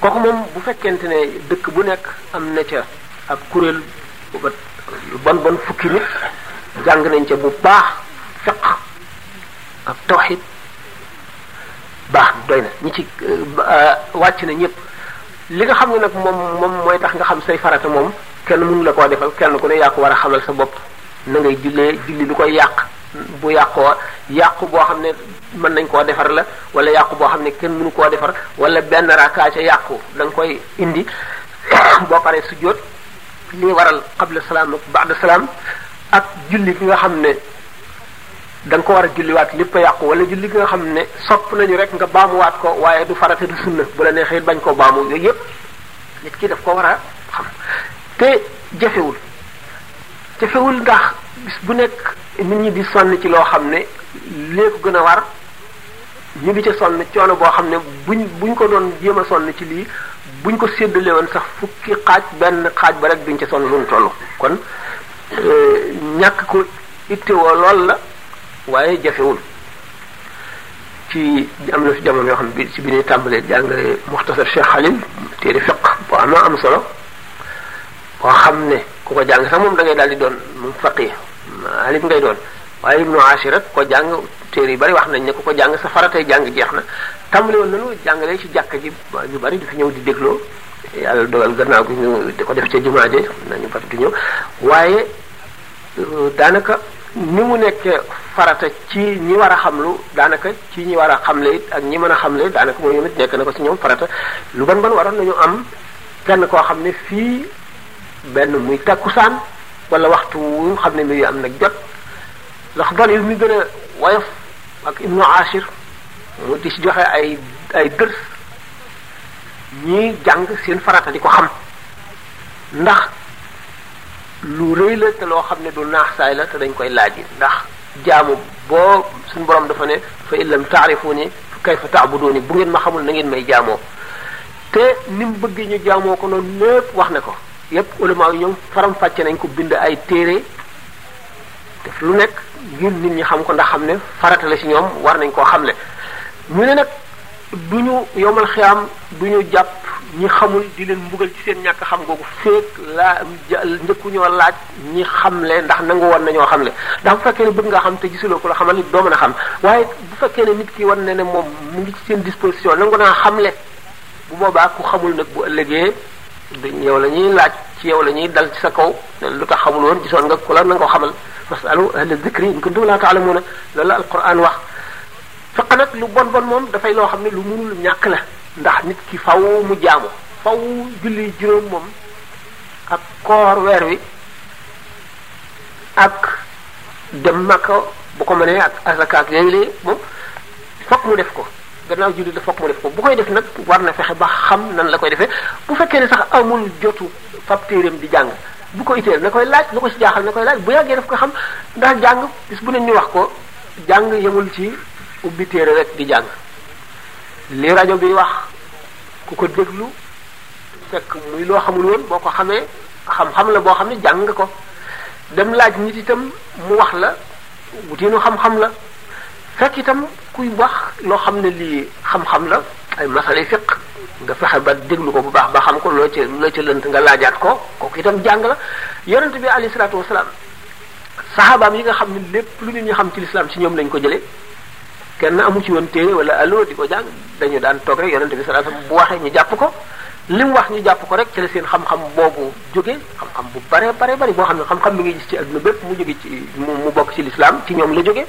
kooku moom bu fekkente ne dëkk bu nekk am na ca ak kuréel ba bon bon fukki nit jàng nañ ca bu baax fiq ak tawxid baax doy na ñi ci euh, wàcc na ñëpp li nga xam ne nag moom moom mooy tax nga xam say farata moom kenn mënu la koo defal kenn ku ne yàqu war a xamal sa bopp na ngay jullee julli lu koy yàq bu yàqoo yàqu boo xam ne mën nañ koo defar la wala yàqu boo xam ne kenn mënu koo defar wala benn rakkaa ca yàqu da koy indi boo paree sujjóot li waral qabla salaam ak ba'da salaam ak julli ki nga xam ne da ko war a julliwaat lépp a yàqu wala julli nga xam ne sopp nañu rek nga baamuwaat ko waaye du farata du sunna bu la neexee bañ koo baamu yooyu yëpp nit ki daf ko war a xam te jafewul jafewul ndax bu nekk nit ñi di sonn ci loo xam ne lee ko gën a war ñu di ca sonn coono boo xam ne buñ buñ ko doon jéem a sonn ci lii buñ ko séddale woon sax fukki xaaj benn xaaj ba rek duñ ca sonn lu mu toll kon euh, ñàkk ko ittewoo lool la waaye jafewul ci am na fi jamono yoo xam ne ci bi ñuy tàmbalee jàngale muxtasar téere fiq bu ama am solo xam ne ku ko jàng sax moom da ngay daal di doon mu faqih alif ngay doon waaye ibnu Ashir rek ko jàng téere yu bari wax nañ ne ko ko jàng sa faratay jàng jeex na tàmbale na nanu jàngale ci jàkk ji yu bari di fi ñëw di dégloo yàlla dogal gannaaw gi ñu di ko def ca jumaa ji nañu bari du ñëw waaye euh, daanaka ni mu nekk farata ci ñi war a xam lu daanaka ci ñi war a xamle it ak ñi mën a xamle daanaka mooy yomit nekk na ko ci ñoom farata lu ban ban waroon nañu am kenn koo xam ne fii benn muy takkusaan wala waxtu wu xam ne mi am nag jot ndax doon yu muy gën a woyof ak ibnu ashir mu di ci joxe ay ay dërs ñiy jàng seen farata ko xam ndax lu rëy la te loo xam ne du naax saay la te dañ koy laaj ndax jaamu boo suñu borom dafa ne fa illam taarifuni kayfa taabuduuni bu ngeen ma xamul na ngeen may jaamoo te ni mu bëggee ñu jaamoo ko noonu lépp wax na ko yépp ulama yi ñoom faram fàcce nañ ko bind ay téere def lu nekk ngir nit ñi xam ko ndax xam ne farata la ci ñoom war nañ koo xam ne ñu ne nag du ñu yomal xiyaam du ñu jàpp ñi xamul di leen mbugal ci seen ñàkk xam googu feek laa njëkku ñoo laaj ñi xamle ndax nangu woon nañoo xamle ndax bu fekkee ne bëgg nga xam te gisuloo ko la xamal doo mën a xam waaye bu fekkee ne nit ki wan ne ne moom mu ngi ci seen disposition nangu naa xamle bu boobaa ku xamul nag bu ëllëgee dañ yow la ñuy laaj ci yow la ñuy dal ci sa kaw lu tax xamul woon gisoon nga ku la na nga ko xamal fasalu ahla zikri in kuntum la ta'lamuna loolu la alquran wax fiq nag lu bon bon moom dafay loo xam ne lu mënul ñàkk la ndax nit ki faw mu jaamu faw julli juróom moom ak koor weer wi ak dem Makka bu ko mënee ak asaka ak yooyu lee moom fokk mu def ko gannaaw julli la fokk mu def ko bu koy def nag war na fexe ba xam nan la koy defee bu fekkee ne sax amul jotu fab téeram di jàng bu ko itteel na koy laaj lu ko ci jaaxal na koy laaj bu yàggee daf ko xam ndax jàng bis bu ne ñu wax ko jàng yemul ci ubbi téere rek di jàng li rajo bi wax ku ko déglu fekk muy loo xamul woon boo ko xamee xam-xam la boo xam ne jàng ko dem laaj nit tam mu wax la wutiinu xam-xam la fekk itam kuy wax loo xam ne lii xam-xam la ay masala fiq nga fexe ba déglu ko bu baax ba xam ko loo ca loo ca lënt nga laajaat ko kooku itam jàng la yonent bi alayhi salaatu wasalaam sahabaam yi nga xam ne lépp lu ñu ñi xam ci lislaam ci ñoom lañ ko jëlee kenn amu ci woon téere wala allo di ko jàng dañu daan toog rek yonente bi sallallahu alayhi wasallam bu waxee ñu jàpp ko li mu wax ñu jàpp ko rek ci la seen xam-xam boobu jóge xam-xam bu bare bare bari boo xam ne xam-xam bi nga gis ci adduna bépp mu jóge ci mu bokk ci lislaam ci ñoom la jóge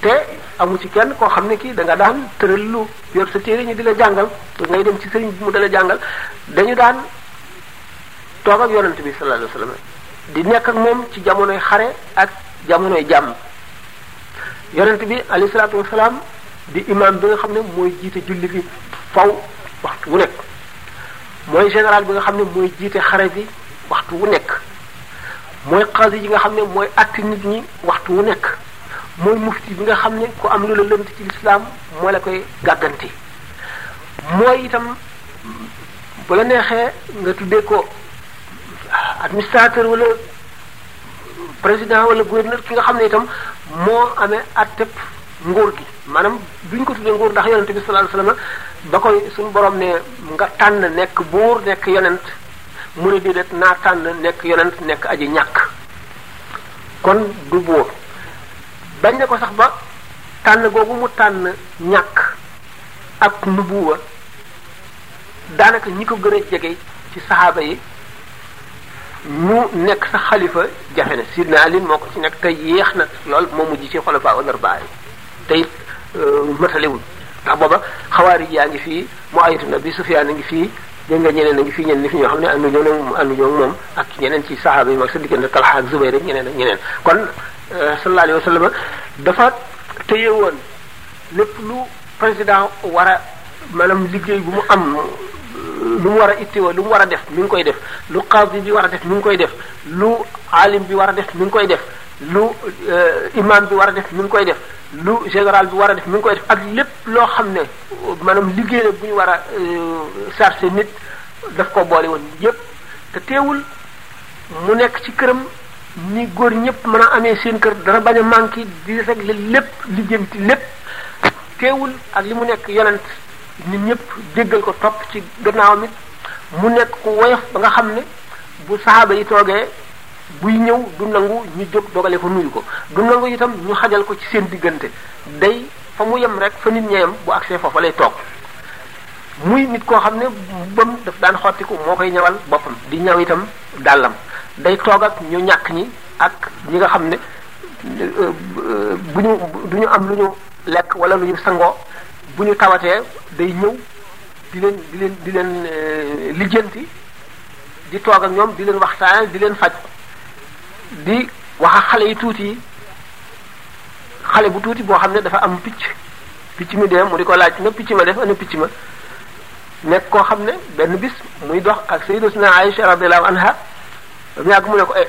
te amu ci kenn koo xam ne kii da nga daan tëral lu yor sa téere ñu di la jàngal ngay dem ci sëriñ bi mu dala jàngal dañu daan toog ak yonente bi sallallahu alayhi wasallam di nekk ak moom ci jamonoy xare ak jamonoy jàmm yonent bi alayhi salaatu wasalaam bi imam bi nga xam ne mooy jiite julli bi faw waxtu wu nekk mooy général bi nga xam ne mooy jiite xare bi waxtu wu nekk mooy xaasi yi nga xam ne mooy atti ñi waxtu wu nekk mooy mufti bi nga xam ne ko am lu la lënt ci lislaam moo la koy gàgganti mooy itam bu la neexee nga tuddee ko administrateur wala président wala gouverneur ki nga xam ne itam moo amee atteb nguur gi maanaam buñ ko tuddee nguur ndax yonent bi sallallahu alayhi wasallam ba koy suñu borom ne nga tànn nekk buur nekk yonent mu ne déedéet naa tànn nekk yonent nekk aji ñàkk kon du buur bañ ne ko sax ba tànn googu mu tànn ñàkk ak nubuwa daanaka ñi ko gën a jege ci saxaaba yi mu nekk sa xalifa jafe na sidna alin moo ko ci nekk te yéex na lool moo mujj ci xolofaa wala baay te it euh, matalewul ndax booba xawaari yaa ngi fii mu ayatu na bi sufiyaan a ngi fii dégg nga ñeneen a ngi fii ñeneen ni fi ñoo xam ne àndu ñoo ne àndu ñoo moom ak ñeneen ci saxaaba yi mag sa diggante Talha ak Zubayr rek ñeneen ak ñeneen kon euh, sallallahu alayhi dafa te woon lépp lu président war a liggéey bu mu am lu mu war a ittiwa lu mu war a def mi ngi koy def lu qaadi bi war a def mi ngi koy def lu alim bi war a def mi ngi koy def lu euh, imam bi war a def mi ngi koy def lu général bi war a def mi ngi koy def ak lépp loo xam ne maanaam liggéey la bu war a euh, chargé nit daf ko boole woon yépp te teewul mu nekk ci këram ni góor ñëpp mën a amee seen kër dana bañ a manqué lépp lijjanti lépp ak li mu nekk yonent nit ñëpp déggal ko topp ci gannaaw mi mu nekk ku woyof ba nga xam ne bu saaba yi toogee buy ñëw du nangu ñu jóg dogale ko nuyu ko du nangu itam ñu xajal ko ci seen diggante day fa mu yem rek fa nit ña yem bu agsee foofa lay toog muy nit koo xam ne bam daf daan xottiku moo koy ñawal boppam di ñaw itam dàllam day toog ak ñu ñàkk ñi ak ñi nga xam ne euh, euh, bu ñu du ñu am lu ñu lekk wala lu ñu sangoo bu ñu tawatee day ñëw di leen di leen di leen euh, lijjanti di toog ak ñoom di leen waxtaanal di leen faj di wax ak xale yi tuuti yi xale bu tuuti boo xam ne dafa am picc picc mi dee mu di ko laaj na picc ma def ana picc ma nekk koo xam ne benn bis muy dox ak sayyidatuna Aïcha radiyallahu anha mu yàgg mu ne ko eh,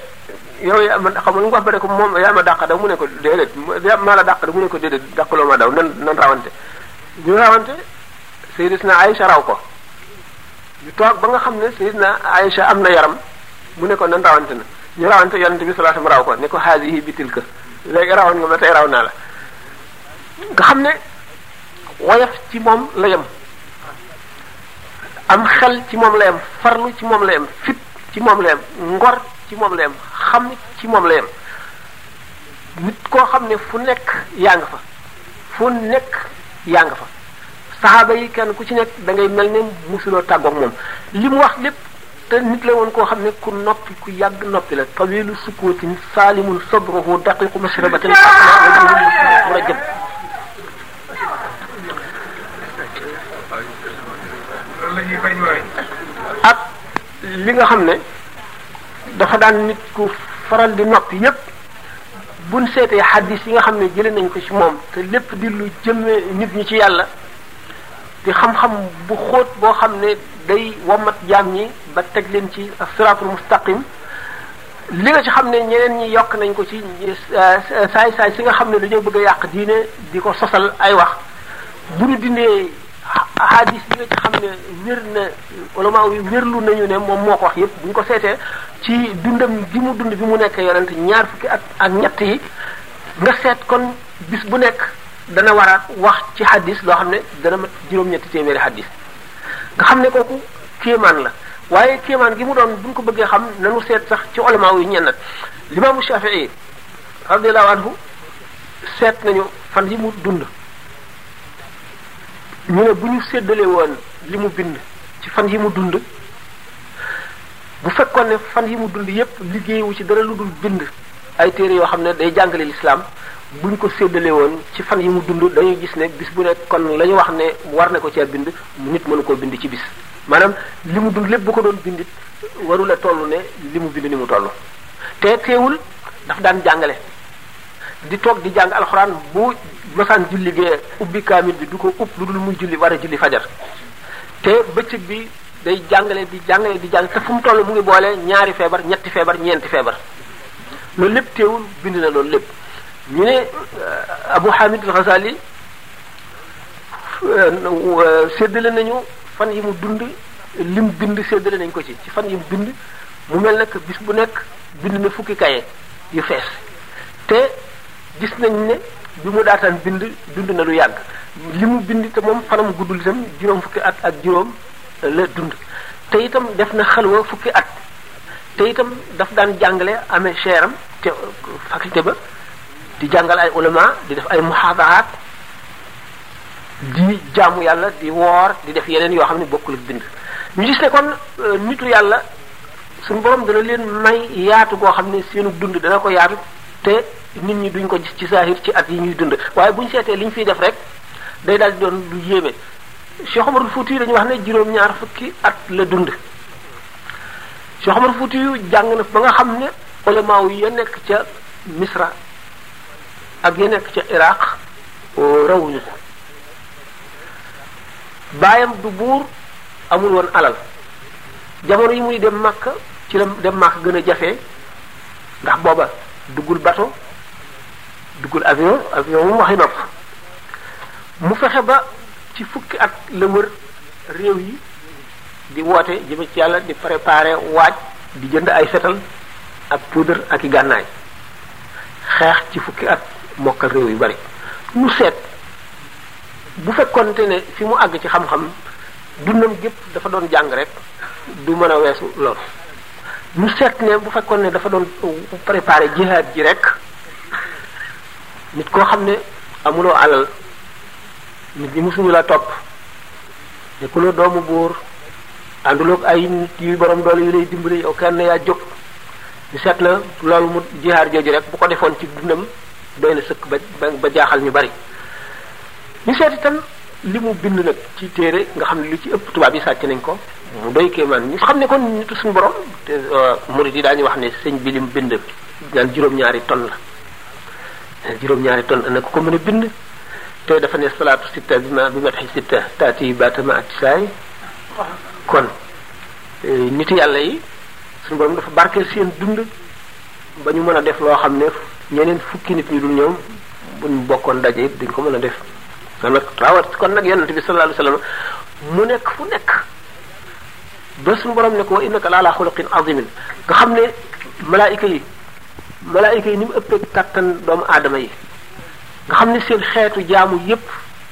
yow yaa ma xam nga wax ba ne ko moom yaa ma dàq daw mu ne ko déedéet maa la dàq da mu ne ko déedéet dàqloo ma daw nan nan rawante ñu rawante Seydina Aïcha raw ko ñu toog ba nga xam ne Seydina Aïcha am na yaram mu ne ko nan rawante na ñu rawante yonent bi sallallahu alayhi raw ko ne ko haadihi bi tilka léegi rawoon nga ba tey raw naa la nga xam ne woyof ci moom la yem am xel ci moom la yem farlu ci moom la yem fit ci moom la yem ngor ci moom la yem xam ci moom la yem nit koo xam ne fu nekk yaa nga fa fu nekk yaa nga fa saxaaba yi kenn ku ci nekk da ngay mel ne musuloo tàggoog moom li mu wax lépp te nit la woon koo xam ne ku noppi ku yàgg noppi la tawilu sukuutin saalimun sabruhu daqiqu mashrabatin mu rajab ak li nga xam ne dafa daan nit ku faral di noppi yépp buñ seetee xaddis yi nga xam ne jëlee nañ ko ci moom te lépp di lu nit ñi ci yàlla di xam-xam bu xóot boo xam ne day wamat jaam ñi ba teg leen ci siraatul mustaqim li nga ci xam ne ñeneen ñi yokk nañ ko ci saay saay si nga xam ne dañoo bëgg a yàq diine di ko sosal ay wax bu ñu dindee xaddis yi nga ci xam ne wér na ulama yi wérlu nañu ne moom moo ko wax yépp buñ ko seetee ci dundam gi mu dund bi mu nekk yonent ñaar fukki at ak ñett yi nga seet kon bis bu nekk dana war wax ci xaddis loo xam ne dana mat juróom-ñetti téeméeri xaddis nga xam ne kooku kéemaan la waaye kéemaan gi mu doon buñ ko bëggee xam nanu seet sax ci olama yu ñennat limaamu Shafii radiallahu anhu seet nañu fan yi mu dund ñu ne bu ñu seddalee woon li mu bind ci fan yi mu dund bu fekkoon ne fan yi mu dund yépp liggéeyu ci dara lu dul bind ay téere yoo xam ne day jàngale lislaam buñ ko séddale woon ci fan yi mu dund dañuy gis ne bis bu ne kon la wax ne war na ko cee bind nit mënu koo bind ci bis maanaam li mu dund lépp bu ko doon bindit waru la toll ne li mu bind ni mu toll te teewul daf daan jàngale di toog di jàng alxuraan bu masaan julli gee ubbi kaamil bi du ko ub lu dul mu julli war a julli fajar te bëccëg bi day jàngale di jàngale di jàng te fu mu toll mu ngi boole ñaari feebar ñetti feebar ñeenti feebar loolu lépp teewul bind na loolu lépp ñu ne euh, Abu Hamid al-Ghazali euh, séddale nañu fan yi mu dund lim bind séddale nañ ko ci ci fan yi mu bind mu mel nag bis bu nekk bind na fukki kaye yu fees te gis nañ ne bi mu daataan bind dund na lu yàgg li mu bind te moom fanam guddul itam juróom fukki at ak juróom la dund te itam def na xalwa fukki at te itam daf daan jàngale amee cheram te faculté ba di jàngal ay ulama di def ay muhaadaraat di jaamu yàlla di woor di def yeneen yoo xam ne bokkul ak bind ñu gis ne kon euh, nitu yàlla suñu borom dana leen may yaatu goo xam ne seenu dund dana ko yaatu te nit ñi duñ ko gis ci saahir ci at yi ñuy dund waaye buñ seetee liñ fiy def rek day daal di doon yéeme Cheikh Omarul Fouti dañu wax ne juróom-ñaar fukki at la dund Cheikh Omar Fouti yu jàng na ba nga xam ne ulamaaw ya nekk ca Misra ak ya nekk ca Iraq oh, rawuñu ko baayam du buur amul woon alal jamono yi muy dem Makka ci la dem Makka gën a jafe ndax booba duggul bato duggul avion avion mu waxi nopp mu fexe ba ci fukki at lëmbër réew yi di woote jëme ci yàlla di préparer waaj di jënd ay fetal ak puudar ak i gànnaay xeex ci fukki at mokkal réew yu bari mu seet bu fekkoonte ne fi mu àgg ci xam-xam dundam gépp dafa doon jàng rek du mën a weesu lool mu seet ne bu fekkoon ne dafa doon préparer jihaad ji rek nit koo xam ne amuloo alal nit ñi musuñu la topp nekkuloo doomu buur ànduloog ay nit yu borom doole yu lay dimbali yow kenn yaa jóg ñu seet la loolu mu jihaar jooju rek bu ko defoon ci dundam doy na sëkk ba ba jaaxal ñu bari ñu seet itam li mu bind nag ci téere nga xam ne li ci ëpp tubaab yi sàcc nañ ko mu doy kéemaan ñu xam ne kon nitu suñu borom te euh, murid yi daañu wax ne sëñ bi lim bind naan juróom-ñaari ton la juróom-ñaari ton ana ko ko mën a bind te dafa ne salaatu sitta bi ma bi ma taxi sitta taati baatama ak saay kon e, nit yàlla yi suñu borom dafa barkeel seen dund ba ñu mën a def loo xam ne ñeneen fukki nit ñu dul ñoom ñu bokkoon daje it duñ ko mën a def kon nag rawat kon nag yonent mu nekk fu nekk ba suñu borom ne ko wa innaka xuluqin azimin nga xam ne malaayika yi malaayika yi ni mu ëppee kattan doomu aadama yi nga xam ne seen xeetu jaamu yépp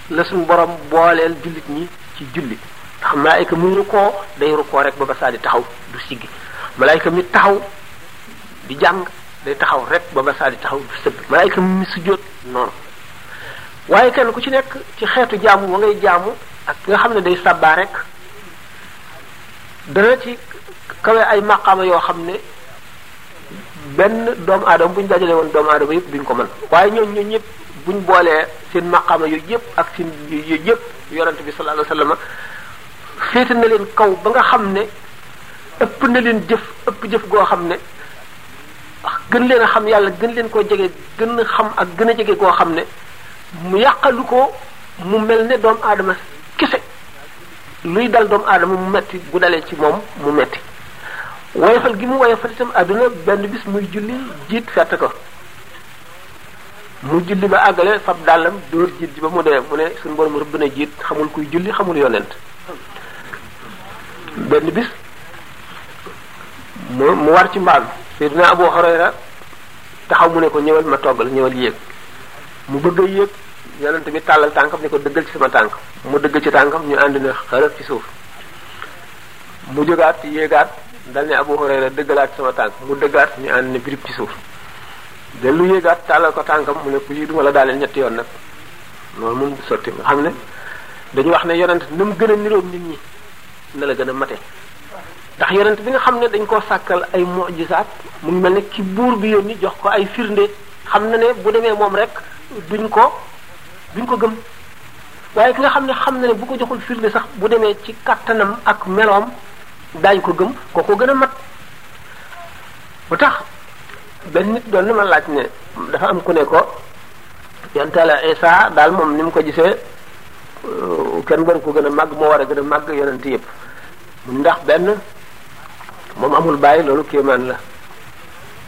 la suñu borom booleel jullit ñi ci julli ndax malaayka muy rukkoo day rukkoo rek ba ba di taxaw du siggi malaayka mi taxaw di jàng day taxaw rek ba ba taxaw du sëgg malaayka mi sujjóot noonu waaye kenn ku ci nekk ci xeetu jaamu wa ngay jaamu ak nga xam ne day sàbbaa rek dana ci kawe ay maqaama yoo xam ne benn doomu aadama bu ñu dajalee woon doomu aadama yëpp duñ ko mën waaye ñooñu ñooñu ñëpp buñ boolee seen maqaama yooyu yëpp ak seen yooyu yëpp yonent bi sallallahu alayhi wa sallam féete na leen kaw ba nga xam ne ëpp na leen jëf ëpp jëf goo xam ne gën leen a xam yàlla gën leen koo jege gën a xam ak gën a jege goo xam ne mu yàqalu ko mu mel ne doomu aadama kese luy dal doomu aadama mu metti bu dalee ci moom mu metti woyofal gi mu woyofal itam àdduna benn bis muy julli jiit fett ko mu julli ba àggale fab dàllam dóor jiit bi ba mu dee mu ne suñu borom rëbb na jiit xamul kuy julli xamul yonent benn bis mu mu war ci mbaam Seydina Abu Hurayra taxaw mu ne ko ñëwal ma toggal ñëwal yéeg mu bëgg a yéeg yonent bi tàllal tànkam ne ko dëggal ci sama tànk mu dëgg ci tànkam ñu ànd na xërëf ci suuf mu jógaat yéegaat dal ne Abu Hurayra dëggalaat ci sama tànk mu dëggaat ñu ànd ne birib ci suuf dellu yéegaat tàllal ko tànkam mu ne ku yi duma la daaneel ñetti yoon nag loolu moom du sotti nga xam ne dañu wax ne yonent na mu gën a niroog nit ñi na la gën a mate ndax yonent bi nga xam ne dañ koo sàkkal ay mujisaat mu mel ne ki buur bi yónni jox ko ay firnde xam na ne bu demee moom rek duñ ko duñ ko gëm waaye ki nga xam ne xam na ne bu ko joxul firnde sax bu demee ci kattanam ak meloom daañ ko gëm ko gën a mat ba tax benn nit doon na ma laaj ne dafa am ku ne ko yontaala Isa daal moom ni mu ko gisee euh, kenn waru ko gën a màgg moo war a gën a màgg yonent yëpp ndax benn moom amul bàyyi loolu kéemaan la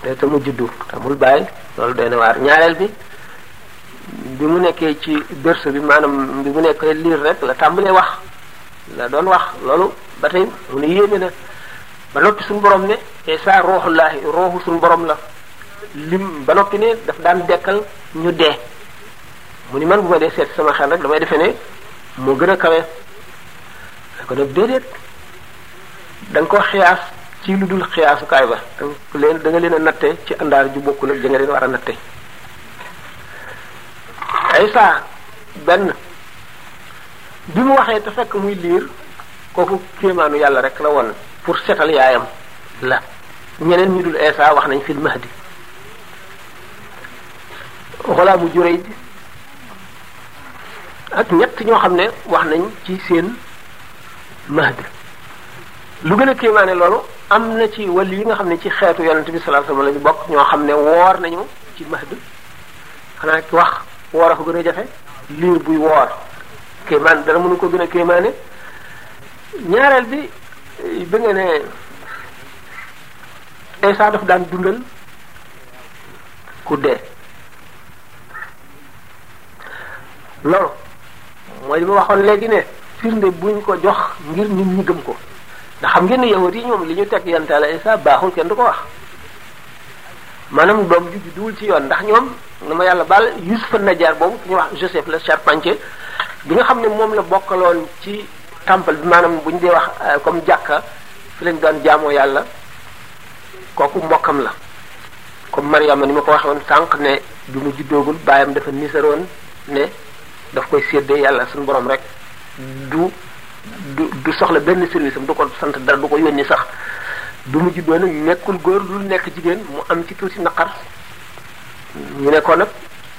te te mu juddu amul bàyyi loolu doy na waar ñaareel bi bi mu nekkee ci berse bi maanaam bi mu nekkee liir rek la tàmbalee wax la doon wax loolu ba tey mu ne yéeme na ba noppi suñu borom ne Isa ruuxullaahi ruuxu suñu borom la lim ba noppi ne daf daan dekkal ñu dee mu ni man bu ma dee seet sama xel rek damay defee ne moo gën a kawe ko nag déedéet da ko xiyaas ci lu dul xiyaasukaay ba donc leen da leen a natte ci àndaar ju bokku ak ja nga leen war a natte ay saa benn bi mu waxee te fekk muy liir kooku kéemaanu yàlla rek la woon pour setal yaayam la ñeneen ñu dul Eesa wax nañ fil mahdi xolaamu Jurayj ak ñett ñoo xam ne wax nañ ci seen mahd lu gën a kéemaane loolu am na ci wàll yi nga xam ne ci xeetu yonent bi sallallahu alayhi wasallam lañu bokk ñoo xam ne woor nañu ci mahd xanaa ki wax woor a ko gën a jafe liir buy woor kéemaan dara mënu ko gën a kéemaane ñaareel bi ba nga ne Isa daf daan dundal ku dee loolu mooy li ma waxoon léegi ne firnde buñ ko jox ngir nit ñi gëm ko ndax xam ngeen ne yahut yi ñoom li ñu teg yonent Yàlla Isa baaxul kenn du ko wax maanaam doom ju judduwul ci yoon ndax ñoom na ma yàlla baal fa Najaar boobu ñu wax Joseph le charpentier bi nga xam ne moom la bokkaloon ci temple bi maanam buñ ñu dee wax euh, comme jàkka fi lañ doon jaamoo yàlla kooku mbokkam la comme Mariama ni ma ko waxoon sànq ne bi mu juddoogul baayam dafa nisaroon ne daf koy séddee yàlla suñu borom rek du du du soxla benn service am du ko sant dara du ko yónni sax du mu juddoo nag nekkul góor lu nekk jigéen mu am ci tuuti naqar ñu ne nag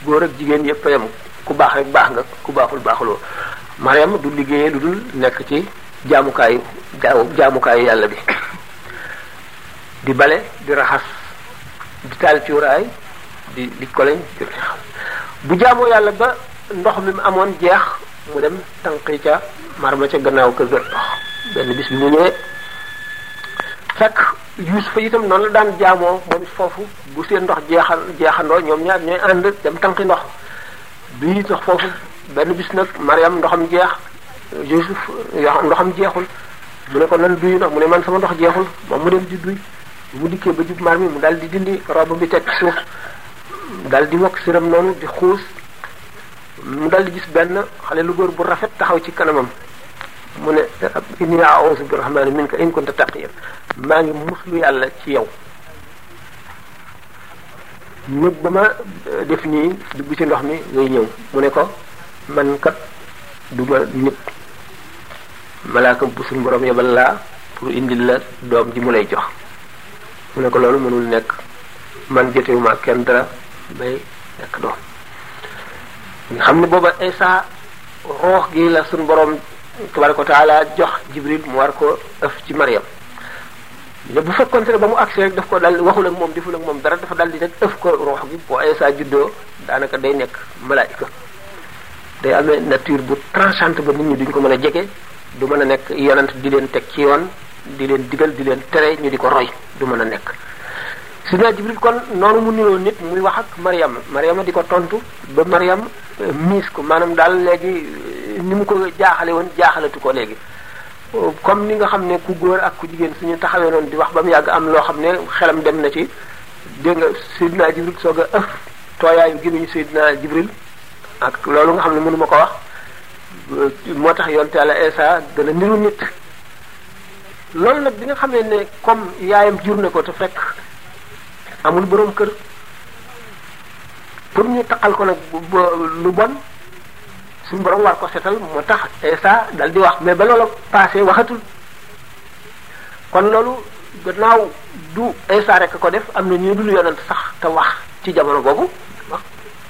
góor ak jigéen yëpp yam ku baax rek baax nga ku baaxul baaxuloo Mariam du liggéeyee lu dul nekk ci jaamukaayu jaaw jaamukaayu yàlla bi di bale di raxas di taal di di koleñ bu jaamoo yàlla ba ndox mi mu amoon jeex mu dem tànqi ca mar ma ca gannaaw kër ga ndox benn bis bi mu ñëwee fekk Yuusufa itam noonu la daan jaamoo moom foofu bu seen ndox jeexal jeexandoo ñoom ñaar ñooy ànd dem tanqi ndox bii ndox foofu benn bis nag Mariam ndoxam jeex Yuusuf ndoxam jeexul mu ne ko nan duy ndox mu ne man sama ndox jeexul moom mu dem di duy mu dikkee ba jub mar mi mu daal di dindi robe bi teg suuf daal di wokk siram noonu di xuus mu dal di gis benn xale lu góor bu rafet taxaw ci kanamam mu ne inni a'uuzu bi rahmaani minka in kunta taqiyan maa ngi muslu yàlla ci yow nëb ba ma euh, def nii dugg ci ndox mi ngay ñëw mu ne ko man kat duma nit malaaka bu suñ yebal laa pour indil la doom ji mu lay jox mu ne ko loolu mënul nekk man jotewuma kenn dara bay nekk doom nga xam ne booba Isa roox gi la suñ borom tabaraka wa taala jox Jibril mu war ko ëf ci Mariam ne bu fekkoon ne ba mu agsi rek daf ko dal waxu ak moom deful ak moom dara dafa dal di rek ëf ko roox gi boo Isa juddoo daanaka day nekk malaayika day amee nature bu tranchante ba nit ñi duñ ko mën a jege du mën a nekk yonent di leen teg ci yoon di leen digal di leen tere ñu di ko roy du mën a nekk sidna jibril kon noonu mu niroo nit muy wax ak mariama mariama di ko tontu ba mariam euh, miis ko maanaam daal léegi euh, ni mu ko jaaxale woon jaaxalatu ko léegi euh, comme ni nga xam ne ku góor ak ku jigéen suñu taxawee noonu di wax ba mu yàgg am loo xam ne xelam dem na ci dégg nga sidna jibril soog a ëf tooyaayu gémmiñu sidna jibril ak loolu nga xam ne mënuma ko wax moo tax yonte yàlla Isa gën a niru nit loolu nag bi nga xam ne ne comme yaayam jur na ko te fekk amul boroom kër pour ñu taqal ko nag lu bon suñu borom war ko setal moo tax sa dal di wax mais ba loola passé waxatul kon loolu gannaaw du Isa rek ko def am na ñu dul yonent sax te wax ci jamono boobu wax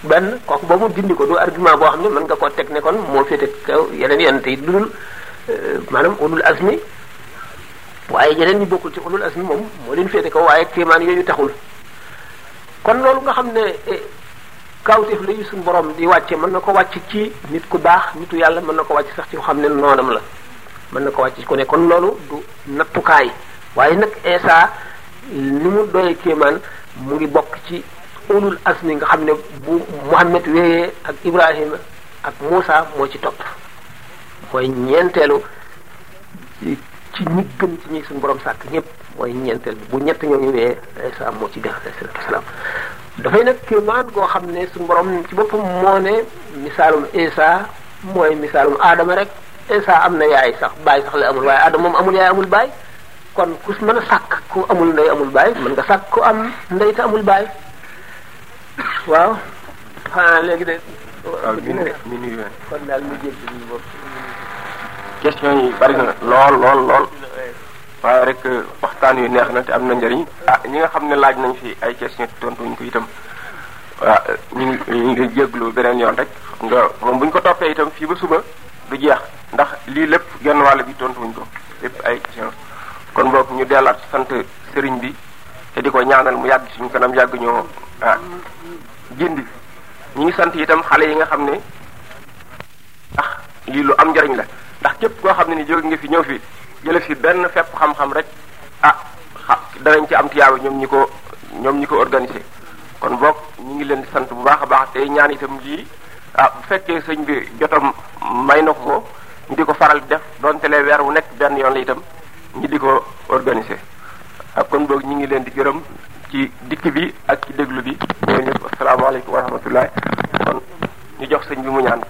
benn kooku boobu dindi ko du argument boo xam ne mën nga koo teg ne kon moo féete kaw yeneen yonent yi dul euh, maanaam ulul azmi waaye yeneen ñi bokkul ci ulul azmi moom moo leen féete ko waaye kéemaan yooyu taxul kon loolu nga xam ne eh, kawteef la yu suñu borom di wàcce mën na ko wàcc ci nit ku baax nitu yàlla mën na ko wàcc sax ci xam ne noonam la mën na ko wàcc ci ku ne kon loolu du nattukaay waaye nag Isa ni mu doyee kéemaan mu ngi bokk ci ulul asmi nga xam ne bu Muhammad wéyee ak Ibrahima ak Muusa moo ci topp mooy ñeenteelu ci ñi gën ci ñi suñu borom sàkk ñëpp mooy ñeenteel bu ñett ñooñu wee Isa moo ci gën alayhi salaatu wasalaam goo xam ne suñu borom ci boppam moo ne misaalum Isa mooy misaalum rek Isa am na yaay sax baay sax la amul waaye Adama moom amul yaay amul baay kon ku mën a sàkk ku amul ndey amul baay mën nga sàkk ku am ndey te amul baay waaw xanaa léegi question yi bari na lool lool lool. waaye rek euh, waxtaan wi neex na te am na njariñ ah ñi nga xam ne laaj nañ fi ay question tontuñ ko itam waaw ñu ngi ngi jéglu beneen yoon rek xam nga moom bu ñu ko toppee itam fii ba suba du jeex ndax lii lépp genn wàll bi tontuwuñ ko lépp ay kon boog dellaat sant sëriñ bi te di ko ñaanal mu yàgg suñu kanam yàgg ñoo ah jindi ngi sant itam xale yi nga xam ne ndax lii lu am njëriñ la ndax képp koo xam ne ni jóge nga fi ñëw fi jële benn fepp xam-xam rek ah danañ ci am tiyaaba ñoom ñi ko ñoom ñi ko organisé kon boog ñu ngi leen di sant bu baax a baax tey ñaan itam lii ah bu fekkee sëñ bi jotam may na ko ñu di ko faral di def donte lee weer wu nekk benn yoon la itam ñi di ko organisé ak ah, kon boog ñu ngi leen di gërëm ci dikk bi ak ci déglu bi ñoo ñëpp asalaamaaleykum wa rahmatulah kon ñu jox sëñ bi mu ñaan